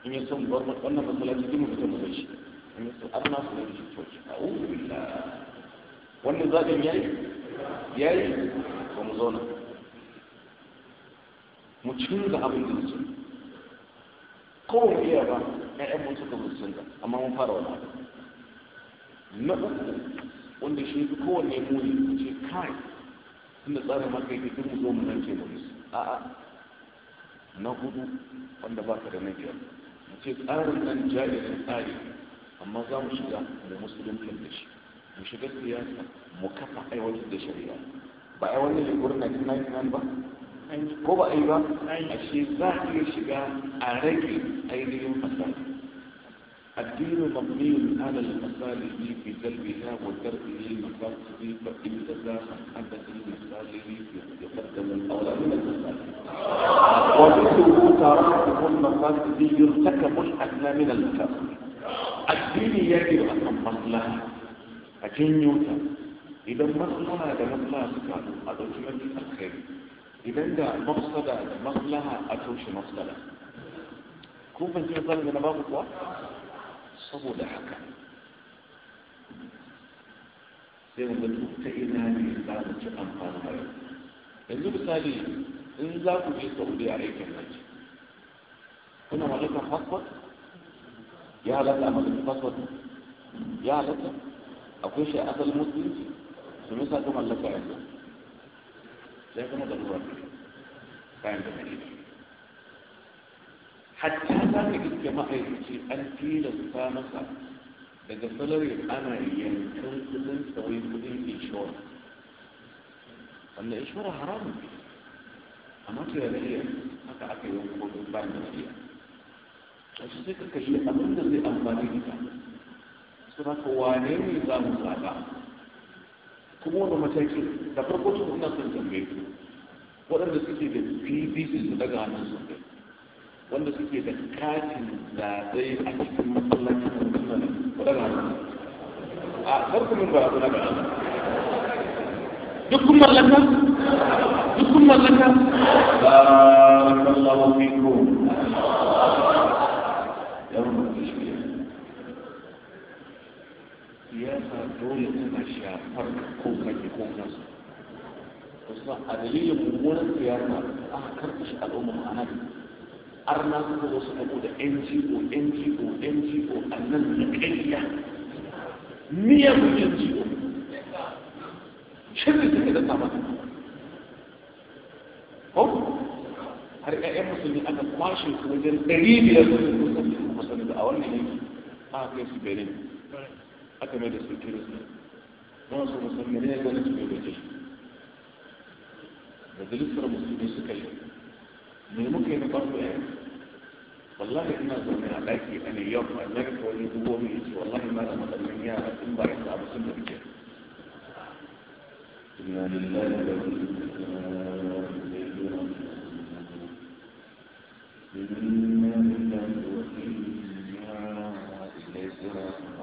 in ya son bar wannan masallaci duk mu fita mu zai in ya son an nasu da shi coci a uku billah wannan zaɓin Ya yi? ba mu zauna mu cinga abin da ya ko mu iya ba ƴaƴan mun suka musulunta amma mun fara wani abu na uku wanda shi fi kowanne muni ku ce kai tunda tsarin maka yake duk mu zo mu nan ce mu a'a na hudu wanda baka da na mu ce tsarin nan jahilin tsari amma za mu shiga da musulunci da shi mu shiga siyasa mu kafa aiwatar da shari'a ba aiwatar da gurin 1999 ba ko ba a yi ba a shi za a shiga a rage ainihin fasali الدين مبني على المصالح في قلبها وتركه المقاصد فإن تزاحم حدث المصالح يقدم الأولى من المصالح ومثله تركه المقاصد يرتكب الأدنى من المقاصد الدين يجب أن المصلحة أكن يوتا إذا مصلحة هذا مصلحة سكانه هذا الخير idan da mafsada da maslaha a toshe mafsada kun fahimci misalin da na baku kuwa saboda haka sai mu ga ta ina ne za mu ci amfani da yau yanzu misali in za ku je saudi a aikin haji kuna mallakar passport ya halatta a mallakar passport ya halatta akwai shi a asalin musulunci su nisa ta mallaka yanzu زي كما ضروري فاهم تماما حتى كان يجي ما هي شيء انت لو ما صار بدك تلوي انا يعني كل كل سوي كل شيء شو انا ايش ورا حرام اما كده ليه حتى اكل يوم كله بعد ما فيها بس هيك كشيء اظن ده امبارح كان سبق وانا نظام صلاه kuma wanda mataki da farko su kuma sun tambaye su waɗanda suke da pdc su daga hannun su kai wanda suke da katin zaɓe a cikin masallacin mutum ne su daga hannun su a farkumin ba su daga hannun duk kun mallaka duk kun mallaka barakallahu fikum dole suna shafar ko kake ko kansu wasu a dalilin mummunan siyasa aka shi al'umma ma'ana har na kuma wasu abu da ngo ngo ngo a nan da ƙarya niyan ngo shirin suke da sama ko har ƴaƴan musulmi aka kwashe su wajen ɗari biyar da su musulmi a wannan yanki a kai su benin aka mai da su kiristi don su musulmi ne ga wani biology majalisar musulmi suka yi me muka yi na farko ya wallahi ina zaune a ɗaki a new york a america wani dubo mai ce wallahi ma da matsalin yara in ba ya samu sun da fice إنا لله وإنا إليه راجعون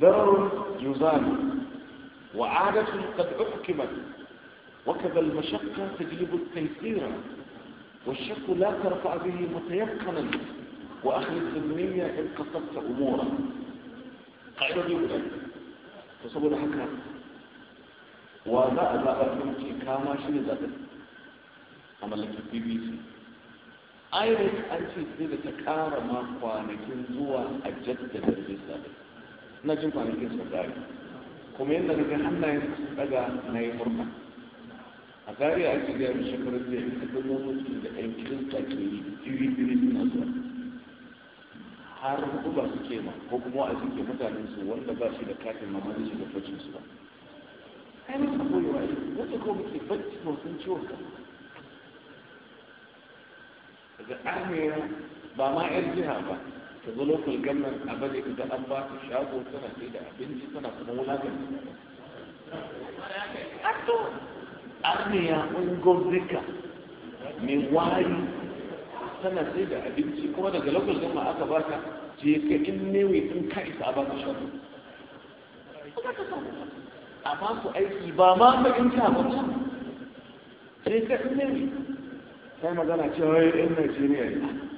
ضرر يزال وعادة قد أحكمت وكذا المشقة تجلب التيسير والشك لا ترفع به متيقنا وأخي النية إن قصدت أمورا قاعدة يقول تصور لحكا وذا أذا أفهمك كاما شنو ذات أما لك بي بي سي أيضا أنت إذا تكارما كوانك زوا أجدد الرسالة na jin kwanakin su zari kuma yadda na ga hannayen su daga na yi murna a zari a cikin yawon shekarun da ya fi da ɗan kirista ke yi jiri jiri suna zuwa har ba su ke ma ko kuma a cikin mutanen su wanda ba shi da katin mamma da shi da fashin su ba ai mun koyi wai wata ko muke bacci ma sun ciwo ka daga ɗan ba ma 'yan jiha ba ta zo lokal gannan a bane idan an ba ta shago tana sai da abinci tana kuma wulakan ato arniya zika mai wari tana sai da abinci kuma daga lokal gamnan aka ba ta je ka in newe in ka isa a ba ta shago a ba aiki ba ma ka ba ta sai ka in newe sai magana cewa in najeriya ne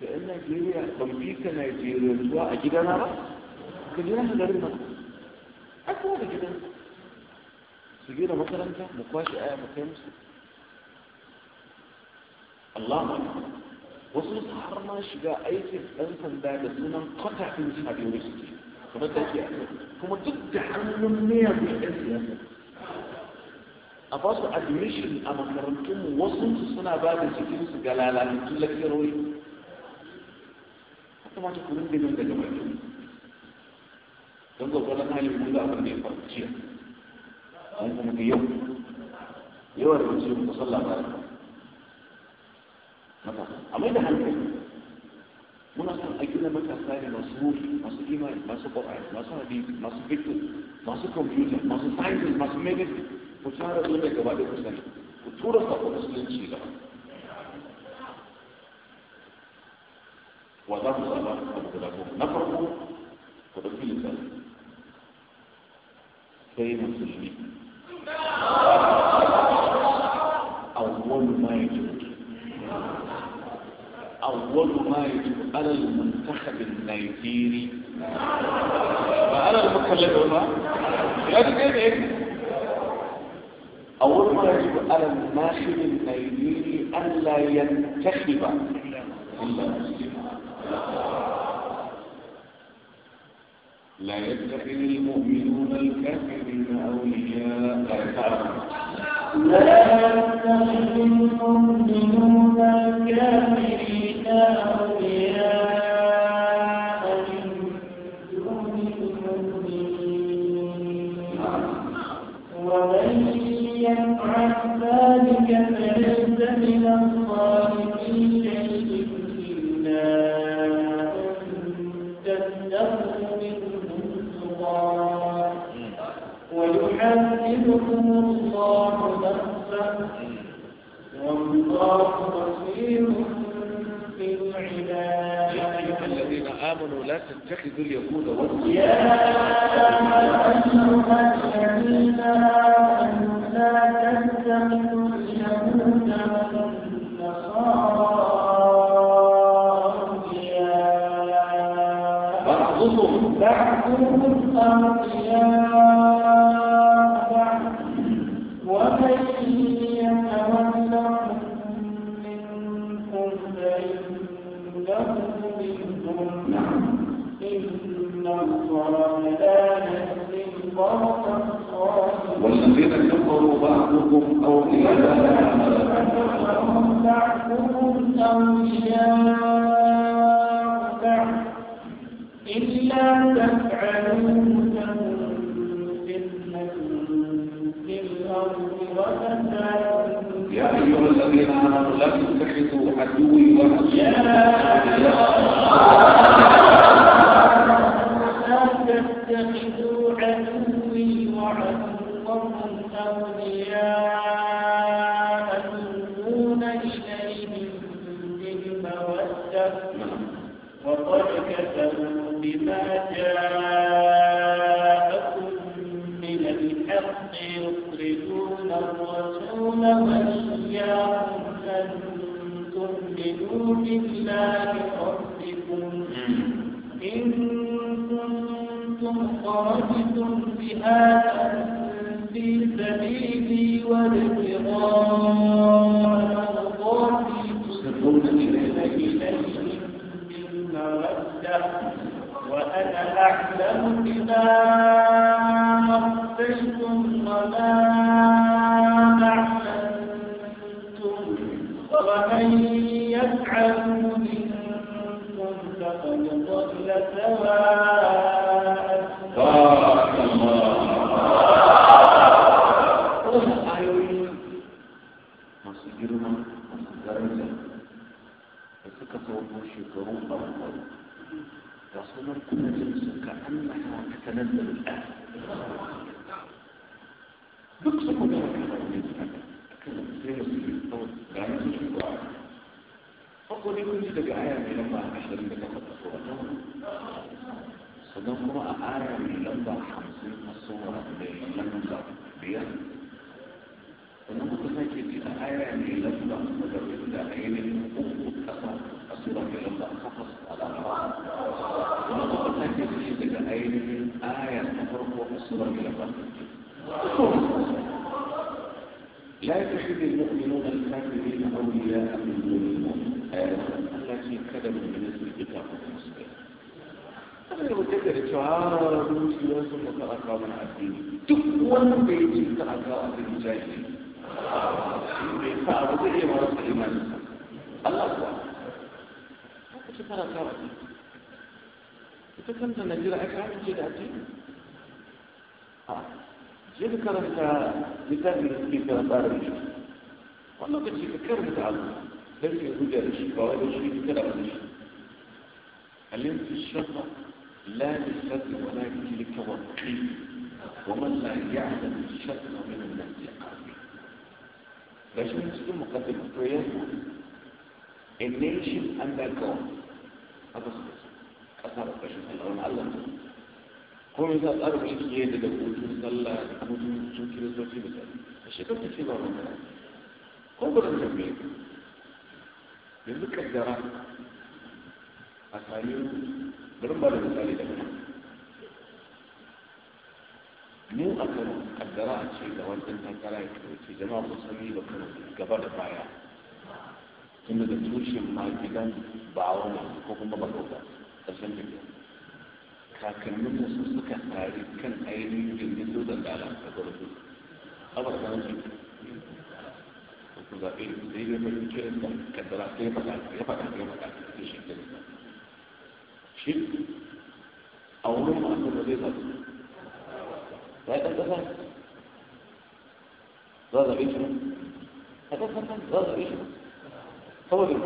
to yan najeriya ban fi ka najeriya zuwa a gidana ba ka jira ka garin nan a kuma da gidan su gina makaranta mu kwashe aya mu kai musu Allah wasu har ma shiga aikin ɗan sanda da sunan kwata ɗin sabiwa suke kuma da ke kuma duk da hannun miyar mai ɗan siyasa a ba su admission a makarantunmu wasu suna ba da cikin su ga lalatattun lakirori kamata ku rinka jin daga mai don gwagwaron halin yi ga abin da ya faru jiya an kuma ga yau yawan rubuce mu kusan labarin matasa a mai da hankali muna son a gina matasa ne masu rufi masu imani masu ƙwaƙwai masu hadisi masu fitur masu kwamfuta masu sciences masu medicine ku tara zuwa gaba da kusan ku tura sakon musulunci gaba وله صلاة التلفون نفرقه ودخل الثالث كيف مسلمين أول ما يجب أول ما يجب أنا المنتخب النيجيري فأنا المكلف هنا لكن أول ما يجب أنا الناخب النيجيري ألا ينتخب إلا مسلم لا يتخذ المؤمنون الكافرين أولياء لا يتخذ المؤمنون الكافرين أولياء إليهم بالمودة وقد كفروا بما جاءكم من الحق يخرجون الرسول وإياكم أن تؤمنوا بالله ربكم إن كنتم خرجتم بهذا في سبيلي ولكم ga shi cikin mukaddima to yanzu a nation under God haka suka ce ƙasa da ƙarshen al'auran Allah ko me za a tsara mai kiyaye da da hutun sallah da hutun sun kiristoci da tsari a shekarar ta ce ba wani ko ba zan tambaye ka yanzu kaddara a sami garin ba da misali da mana مو اكو الدراء شيء لو انت انت على في جماعه مسلمين بكون قبل الضايع ثم تقول شيء ما يبدان بعون حكومه بكوكا عشان كده كان من مسلمك هاي كان عين من جدود العالم اقول لك ابغى كان شيء وكذا ايه زي ما كنت كدراء كيف بقى كيف بقى كيف بقى في شيء شيء او ما اقول لك هذا انت فاهم رضا بيشمل هذا فاهم رضا بيشمل هو ده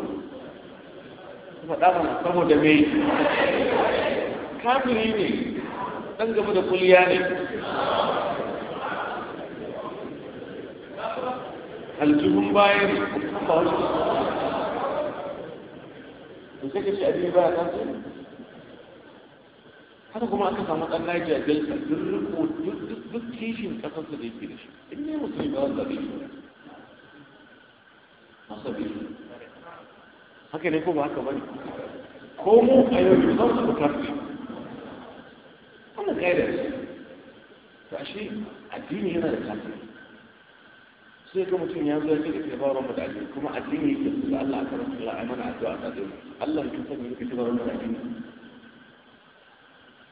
saboda da mai kafiri ne ɗan gaba da kuliya ne aljihun baya ne ba wasu da suka ce abin ba a kansu haka kuma aka samu ɗan Niger Delta duk riko duk kishin ƙasarsa da yake da shi in ne musulmi ba za su shi masu bi haka ne ko ba haka bane ko mu a yau ne za su buka su wannan ƙa'idar ce to ashe addini yana da kafin sai ga mutum ya zo ya ce da ke bawa mu da addini kuma addini yake da Allah a karanta Allah a mana addu'a ta Allah ya san ne yake da wannan addini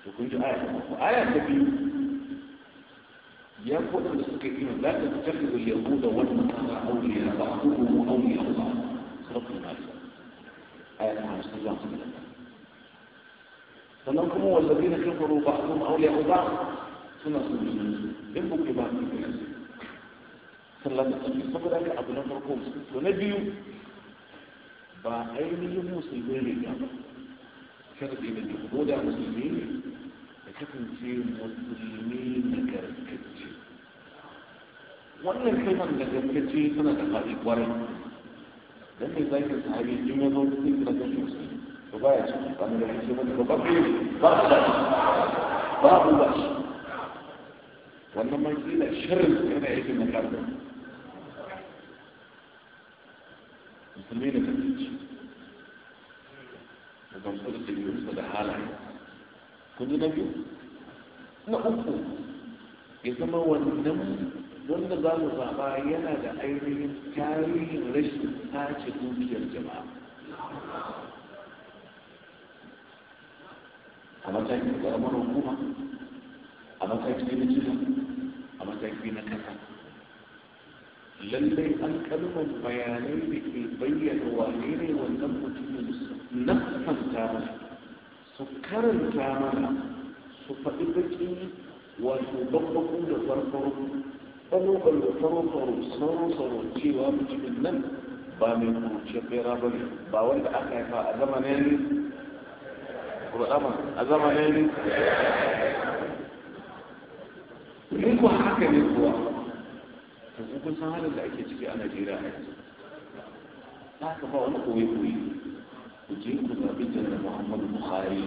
to kun ji aya aya ta biyu ya kuɗin da suka yi la ta tafi da yahuda wannan kana auliya ba ku mu auliya ba suratul maida aya ta 55 sannan kuma wallabi na kafaru ba su auliya ba suna sun yi din ku ke ba su ne sallan da tafi saboda ka abu na farko to na biyu ba ainihin musulmi ne ba kada da yi da yahuda musulmi ne تنسي المسلمين gargace wannan kalmar da gargace tana da faɗi kwarai dan mai zakin sahabi in ya zo cikin da kashe su to ba ya ciki ba da kashe ba ba ba ba ba ba ba wannan man kila sharri yana yake na karɓa musulmi da gargace da gamsu da ke yi da halaye kun ji na biyu na uku ya zama wannan wanda za mu zaba yana da ainihin tarihin rashin tace dukiyar jama'a a matakin ƙaramar hukuma a matakin na jiha a mataki na kasa lallai an kalmar bayanai da ke bayyana wane ne wannan mutumin na fanta mana su karanta mana su faɗi baki wato babbaku da farfaro farfaro da farfaro sauro-sauro cewa mutumin nan ba mai kurce bera ba ne ba wanda aka haifa a zamanin ƙur'ama a zamanin in kuwa haka ne kuwa ta kusan halin da ake ciki a najeriya a yanzu ta haka ba wani koyi-koyi الجيل من أبيت محمد البخاري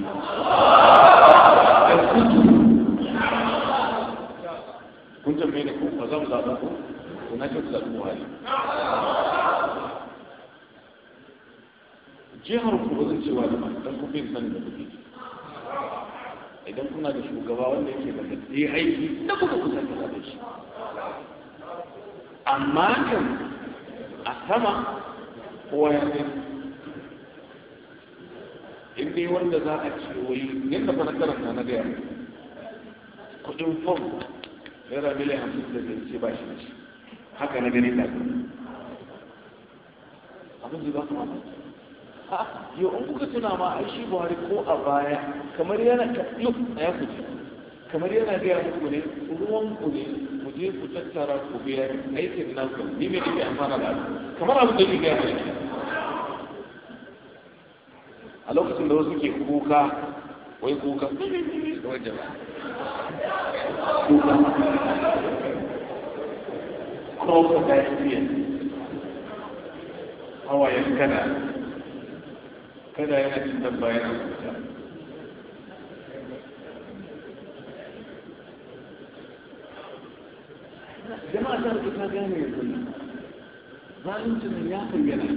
كنت بينكم فزم زادكم هناك زاد البخاري jihar ku ba zan cewa da don ku bin sani da kuɗi idan kuna da shugaba wanda yake da gaske aiki da kuma kusa da da shi amma kan a sama kowa ya san in dai wanda za a ce wai yadda fa na karanta na gaya kudin fom naira miliyan hamsin da zai ce ba shi ne haka na gani da abin zai ba su mamaki yau in kuka tuna ma a shi buhari ko a baya kamar yana yau a ya kuce kamar yana gaya muku ne ruwan ku ne mu je ku tattara ku biya aikin nan ku ni ne ke amfana da kamar abin da ke gaya mai a lokacin da wasu ke kuka wai kuka wajen kuka kuka ta yi hawayen kada kada yana cin dabba yana kuka jama'a ta rika ta gane yanzu zaluncin ya bayyana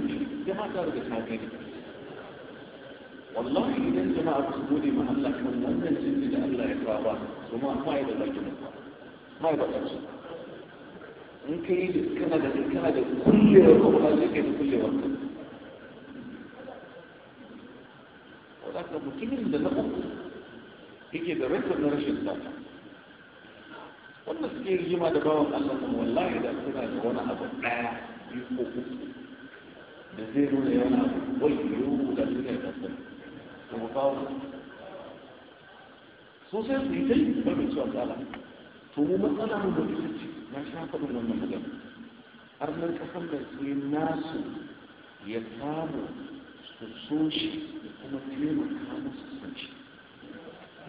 jama'a ta rika ta gane wallahi idan jama'a ba su gode ma Allah kan wannan sirri da Allah ya kawo ba su ma mai da zaki da mai da zaki in kai da kana da kana da kulle ko ba zai kai da kulle wannan wadaka mutumin da na uku yake da rashin na rashin zaka wannan suke rigima da bawan Allah kan wallahi da suna da wani abu daya biyu ko uku da zai nuna yawan abu wai yiwu da suna da sani Sosai mu kawo so sai su yi ta yi ba mai cewa tsala to mu matsala mu da ita ce na sha faɗin wannan magana har nan kasan da su yi nasu ya samu su so shi da kuma taimaka musu san shi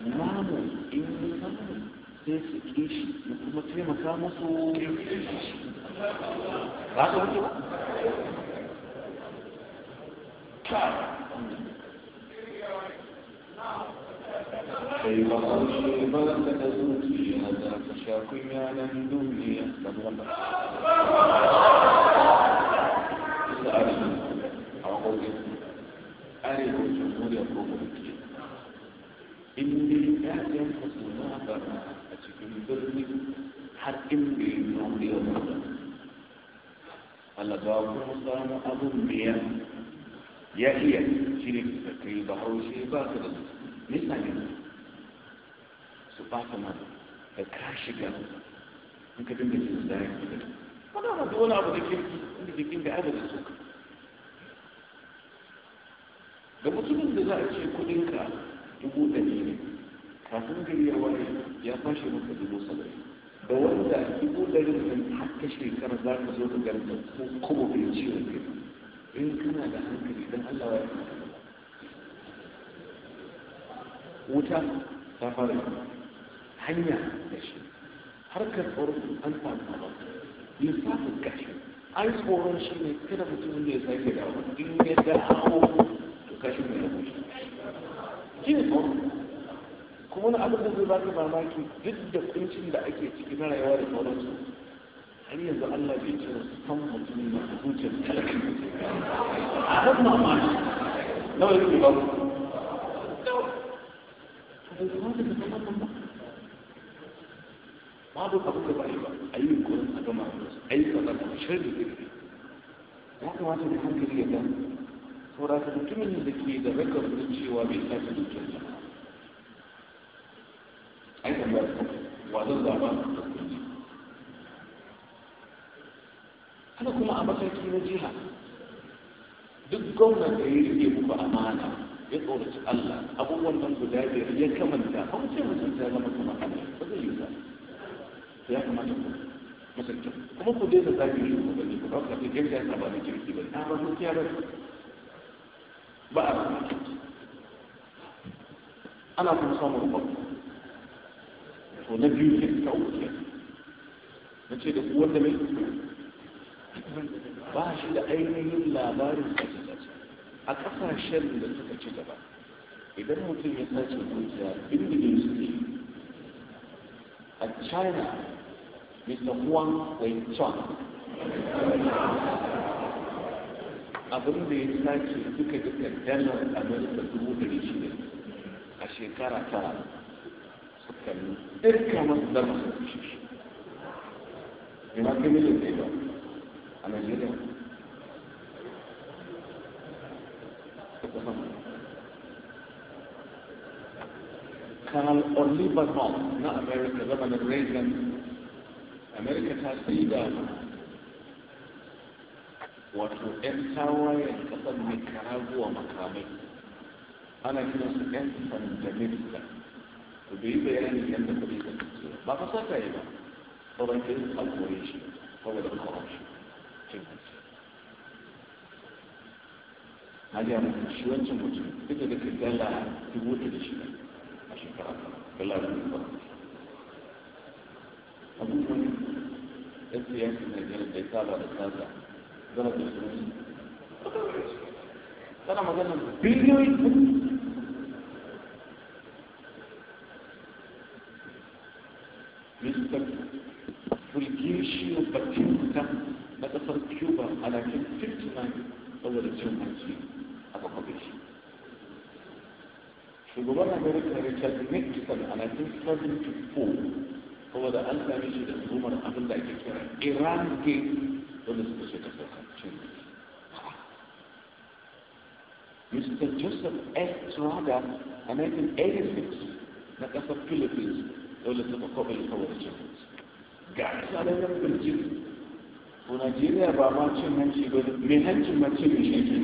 namu in yi samu sai su ƙi shi da kuma taimaka musu ba ta wuce ba? كيف أصلي بلد زوجي هذا تشاقي على دوني أحسن ولا سألني أقول أعرف الجمهور يقول لك إني لا ينقص نابنا أتكن برني حتى إني نوم يوم الله دعوكم السلام أبو مياه يحيى شريك سكري بحر شيء باكر الله mutane su ba ta da ka shiga in ka dinga jin zai gida wanda wani wani abu da kirki inda jikin da adada su da mutumin da za a ce kudinka dubu ɗari ne kafin gari ya waye ya fashe maka dubu saba'in da wanda dubu ɗari ne har ta shekara za ka zo ka garba kuma bai ciwo in kana da hankali don allah ya wuta ta fara hanya da shi harkar tsoron an samu ba lissafin gashi an tsoron shi ne kada mutumin da ya sake dawo in ya dawo to kashi mai rabu shi shi ne tsoron kuma na abin da zai ka mamaki duk da kuncin da ake ciki na rayuwa da sauransu har yanzu Allah bai ce su san mutumin da zuciyar talaka a kan mamaki nawa yake ba bai kamata ka san wannan ba babu abin da ba yi ba a yi kurin a gama a yi kaza ko sharri da ya kamata da hankali ya gani saboda ka mutumin da ke da rakar da cewa bai sake dukiyar ba ai kan ba wa zan zaba da kuɗi haka kuma a mataki na jiha duk gwamnan da ya rike muku amana ya tsoraci Allah abubuwan nan guda biyar ya kamanta a wuce mutum ta zama kuma Allah ba zai yi ba ya kamata ku musulta kuma ku daina zafi shi ku bane ku ba ku kai gaskiya ta ba da kirki ba ta ba ku kiya ba ba a ba ana kuma samun ba to na biyu ke ta uku na ce da wanda mai ba shi da ainihin labarin sace-sace a ƙasashen da suka ci gaba idan mutum ya sace dukiya bindigin suke a china mr huang wenchon abin da ya sace duka duka dalar amurka dubu ɗari shida a shekara tara suka yi ɗirka masu dama su kushe shi. ba a Najeriya Carl or Lieberman, not America, Ronald Reagan. America ta sai da wato 'yan tawayen kasar Nicaragua makamai ana kiran su 'yan sandanista to bai yi bayanin yadda kuɗi da kuke But ka saka yi For sauran irin alkohol shi saboda corruption cin hanci na gaya muku wancan mutum duka da ka dala dubu da da shida a shekara dala dubu ba abubuwan yan na gina da ya saba da sata zara da sunan tana magana biliyoyin religiously accommodation. Shugaban Amerika Richard Nixon a 1974 saboda an same shi da tuhumar abin da ake kira iran gate wanda suka ce kasar Mr. Joseph S. Rada a 1986 na kasar Philippines dole suka kwaɓe kawar cin ga isa to najeriya ba ma cin hanci ba mai hancin ma cin mai shi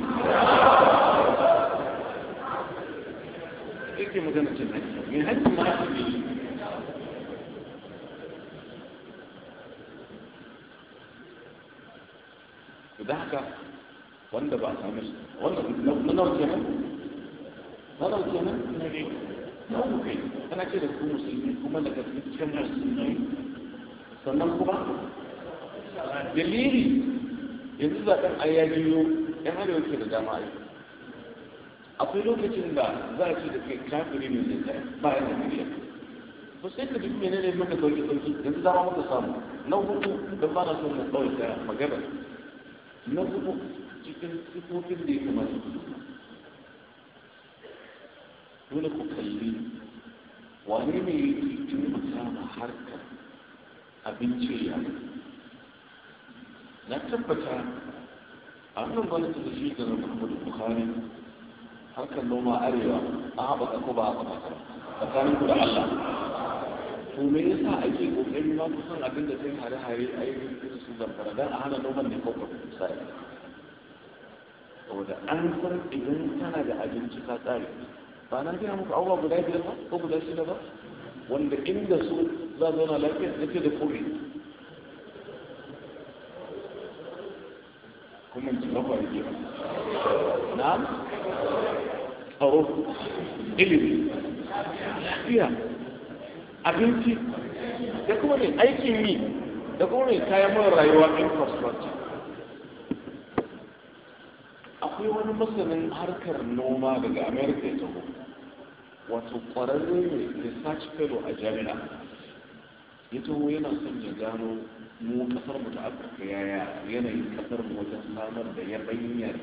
ke magana cin hanci mai hancin ma cin mai shi da haka wanda ba a sami shi wanda na nawa nan, na nawa kenan na uku kai ana ce da ku musulmi kuma daga cikin musulmi sannan kuma dalili yanzu zaɓen a ya jiyo yan arewa ke da dama a akwai lokacin da za a ce da kai kafiri ne zai tsaye bayan da miliya Ba sai ka duk menene maka sauki sauki yanzu za a muka samu na hudu da ba na son mu ɗauka magana na hudu cikin sifofin da ya kamata ku dole ku kalli wane ne ya yi masana harkar abinci ya yi na tabbata a wannan gwamnati da shi garin muhammadu buhari harkar noma arewa a haɓaka ko ba a haɓaka tsakanin ku da allah to me yasa ake kokari ma kusan abin da sai hare-hare a yi irin su zamfara don a hana noman ne kawai misali saboda an san idan tana da abinci ka tsare ba na gina muku abubuwa guda biyar ba ko guda shida ba wanda inda su za zauna lafiya da ke da kome kuma ci ba na tsaro ilimi lafiya abinci da kuma ne aikin yi da kuma ne kayan mara rayuwa infrastructure akwai wani masanin harkar noma daga america ya taho wato kwararre ne research fellow a jami'a ya taho yana son ya gano mu kasar mu ta afirka yaya yanayin kasar mu wajen samar da ya bayyana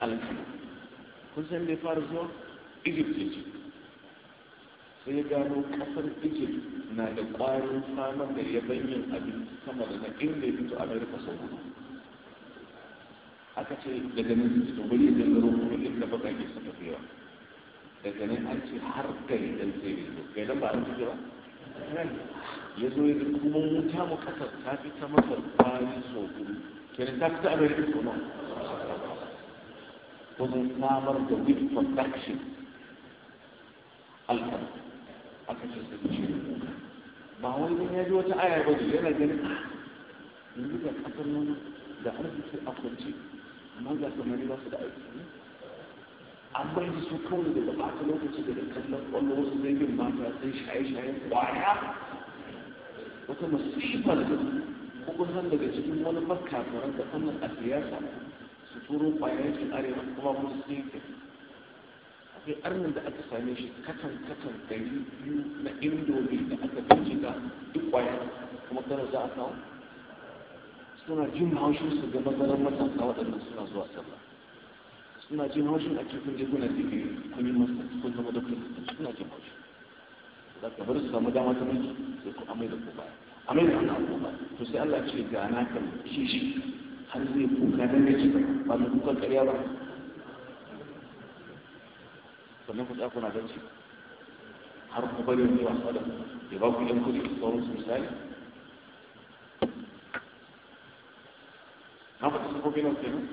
alkama kun san bai fara zuwa egypt ya ce sai gano kasar egypt na da ƙwarin samar da ya bayyana abin sama da na inda ya fito america sau hudu aka ce daga nan su bari ya dangaro kuma inda baka ke suka fi yawa daga nan an ce har gari dan sai ne gari ba an ce ba ya zo ya kuma wuta mu kasar ta fi ta masar bayan sau kudu kenan ta fi ta amerika sau ko wajen samar da wheat production alkar a ce su ce ba wani ne ya ji wata aya ba yana ganin yanzu ah, da kasar nan da arziki a kwanci amma ga samari ba su da aiki an bai da su kawai daga ta lokaci daga kallon kwallo wasu zai yi mata sun shaye-shaye kwaya wata masifar ko san daga cikin wani makasarar da fannin a siyasa su turo cikin arewa kuma mun sinke akwai arnin da aka same shi katan katan ɗari biyu na indomi da aka ga duk kwaya kuma kana za a kawo suna jin haushin su ga mazanar matasa waɗannan suna zuwa sallah suna jin haushin a cikin jikunan da kun yi masa kun zama kuma suna jin haushin za ka bari su samu dama ta miji sai ku amai da kuka amai da wannan kuka to sai Allah ce ga na kan kishi har zai kuka dan ya ci ba mu kuka ƙarya ba sannan ku tsaya kuna zance har ku bari ne wa da ya ba ku ɗan kuɗi sauran su misali na faɗi su kofi nan kenan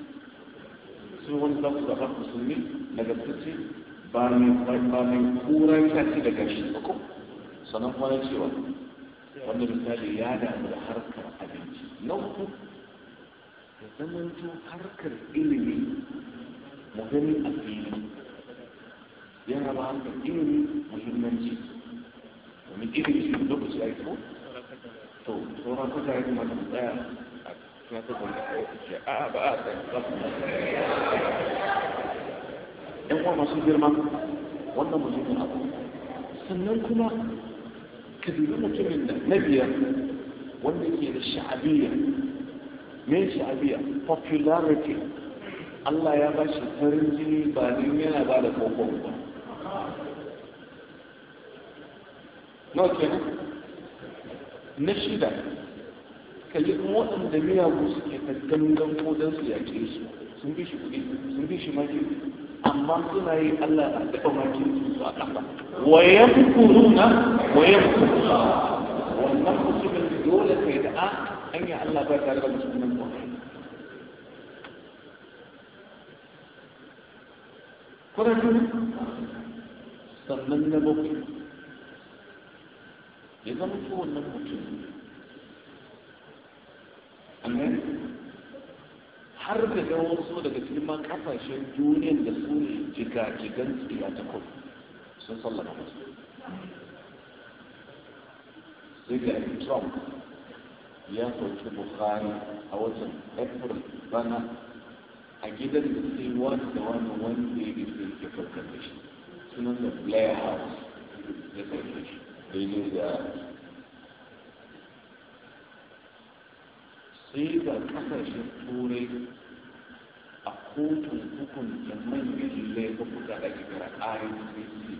su wani za ku zaɓa musulmi na gaskance ba mai kura ta ci da gashi ba ko sannan kuma na cewa wanda misali ya damu da harkar abinci na uku da zamanto harkar ilimi mu gani a fili yana ba harkar ilimi muhimmanci domin ilimi shi lokaci a ko to sauran kuka ya kuma da tsaya a tunatar da wani a ba a tsaya ba yan kuma masu girma wannan muhimmin abu sannan kuma ka dubi mutumin da na biyar wanda ke da sha'abiyya min sha'abiyya popularity Allah ya ba shi farin jini ba yana ba da kokon ba nawa kenan na shida kalli waɗanda miyagu suke ta gangan ko don su yaƙe su sun bi shi kuɗi sun bi shi maki amma suna yi Allah na taɓa maki su a ƙasa wa yamkuruna wa yamkuruna wannan dole kai da a Allah ba tare da ba kuna sannan na bakwai ya zama to mutum an har da ga wasu daga cikin man kasashen duniyan da su ne jigajigan tsira ta kudu sun sallama masu sai ga trump ya sauki bukhari a watan april bana a gidan da sai wani da wani wanda ya gisa ke farkar da shi sunan da blair house ya sauke shi daidai da sai ga kasashen turai a kotun hukunta manyan laifuka da ƙarin ICC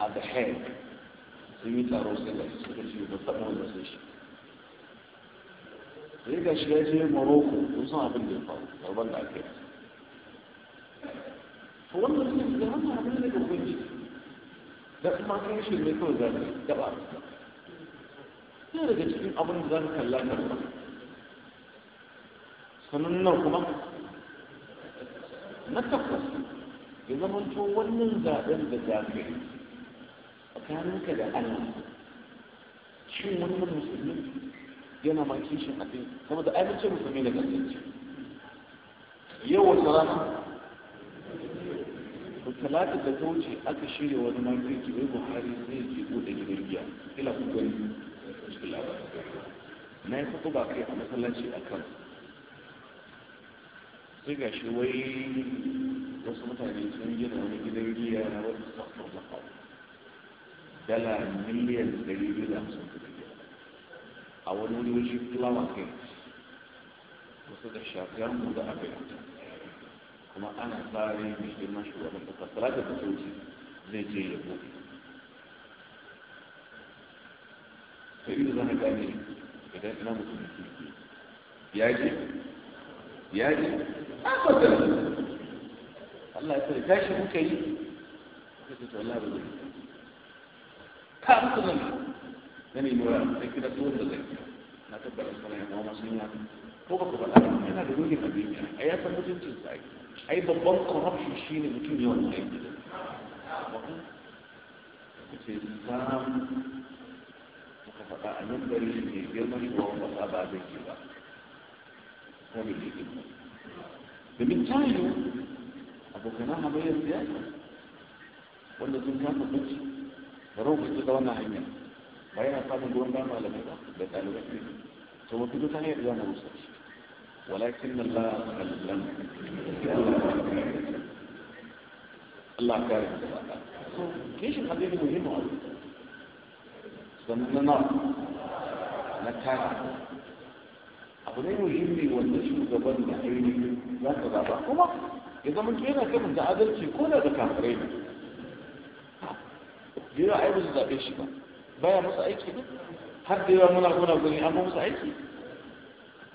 a da Hague sun yi taro sai ga shi suka ce ba taɓa da sai shi sai ga shi ya je Morocco sun san abin da ya faru zarban da ake to wannan sun da hannu abin da ya gwaji da kuma kan shi mai kawai zafi gaba Sai daga cikin abin da za ka kalla kan sannan nan kuma na takwas ya to wannan zaɓen da za ka yi tsakaninka da Allah shin wannan musulmi yana ma kishin abin kuma da abincin musulmi da kasance yau wata rana ko talata da ta wuce aka shirya wani makirki wai buhari zai je bude gidan giya ila kuma gani na yi fito ba kai a masallaci a kansu sai ga shi wai wasu mutane sun gina wani gidan giya na wani sakon zakon dala miliyan ɗari biyu da hamsin kuɗi a wani wuri wani fulawa kai wasu da shafiyar mu da abin kuma ana tsari mai girman shugaban ƙasa talata da soji zai je ya buɗe sai da zana gane idan ina mutum kirki ya ke, ya ke. abadan Allah ya ce tashi muka yi ka ce to Allah ba zai ka mutu nan na ne mura sai kira tuwon da zai na tabbata sanar yana wani sun yana ko ba ku faɗa yana da rugin a duniya a ya san mutuncin sa ai ai babban corruption shine mutum yawan da yake ce sam muka faɗa a nan bari ne girman shi ba ba zai ke ba ko ne ne بمثاله أبو كناها بيا سياسة ولا تنكاتو بيتش بروك تتوانا عيني بيا أصاب نقول بابا لما يبقى بيتالو بيتني إيه. سوى كدو تاني أبيانا وصلش ولكن الله خلقنا الله كارم ليش الحديث مهم أصلا سنة نار نكارم Ku abu ne muhimmi wanda shugaban da ainihin za ka zaba kuma ya zama yana kafin da adalci ko da da kafirai ne jira ai ba su zaɓe shi ba baya masa aiki ba, har da yawa muna gona gani an masa aiki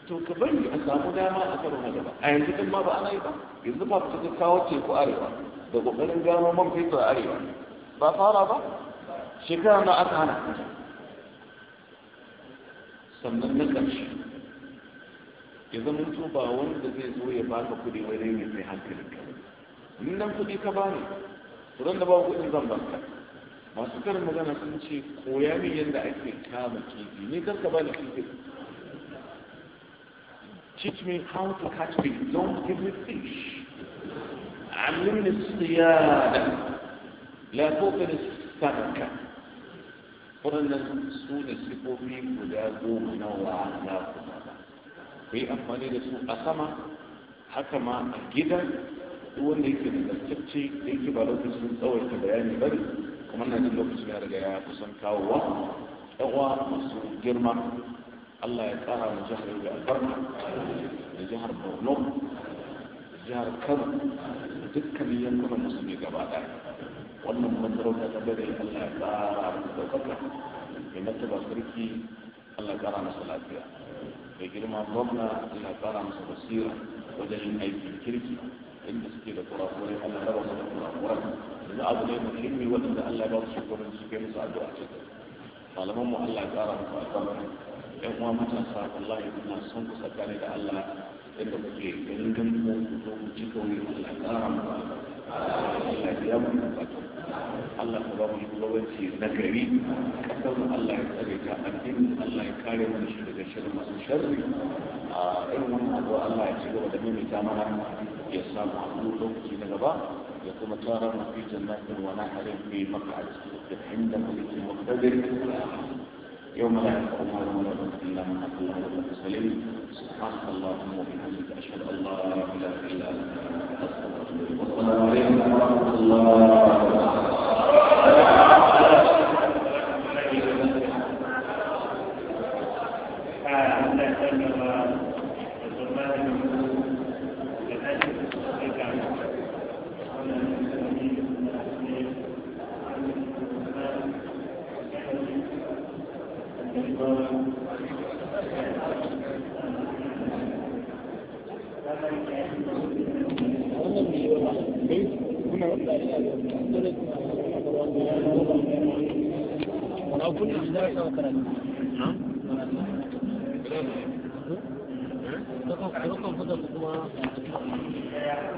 to ka bari a samu dama a karo na gaba a yanzu din ma ba ana yi ba yanzu ba ta kawo teku arewa da kokarin gano man fetur arewa ba fara ba shekara na aka hana sannan na ƙarshe ya zama to ba wanda zai zo ya baka kuɗi wai ne mai hankali in nan kuɗi ka bani to dan da ba kuɗin zan baka masu karin magana sun ce koya min yadda ake kama kifi ni kanka ba ni kifi teach me how to catch fish don't give me fish علمني الصيانة لا تؤمن السمكة waɗannan su ne sifofi guda goma na wa'ala kuma ku yi amfani da su a sama haka ma a gida duk wanda yake da da yake ba lokacin tsawaita bayani bari kamar na jin lokacin ya riga ya kusan kawowa yawa masu girma Allah ya tsara mu jihar da albarka da jihar Borno da jihar Kano da dukkanin yankunan musulmi gaba ɗaya wannan masarauta ta bada Allah ya tsara mu daukaka mai martaba sarki Allah ya tsara masa lafiya فيجري ما ضربنا إلى طالع مصبصيرا وجلن أي في الكرك إن سكيدة طراب ولي ألا لا وصل طراب ورد إذا أبو ليه مكرمي ودد ألا بعض شكرا سكيدة سعد وأحجد قال مم ألا كارا مفاقما إخوة متى صاحب الله يقول الناس صنق سكالي إذا ألا إذا بكي إذا كنت مم تطوم تشكوه ألا كارا مفاقما ألا كارا مفاقما Allah ka ba mu shugabanci na gari kasar Allah ya tsare ta addini Allah ya kare mu shi daga shirin masu sharri a irin wannan abu Allah ya cigaba da mimita mana ya samu abu lokaci na gaba ya kuma tara mu fi jannatin wa naharin fi maq'ad da inda mulki muqtadir يوم لا ينفع مال ولا بنت الا من اتى الله وهو سليم سبحانك اللهم وبحمدك اشهد ان لا اله الا انت استغفرك واتوب اليك والسلام عليكم ورحمه الله وبركاته ya kuɗi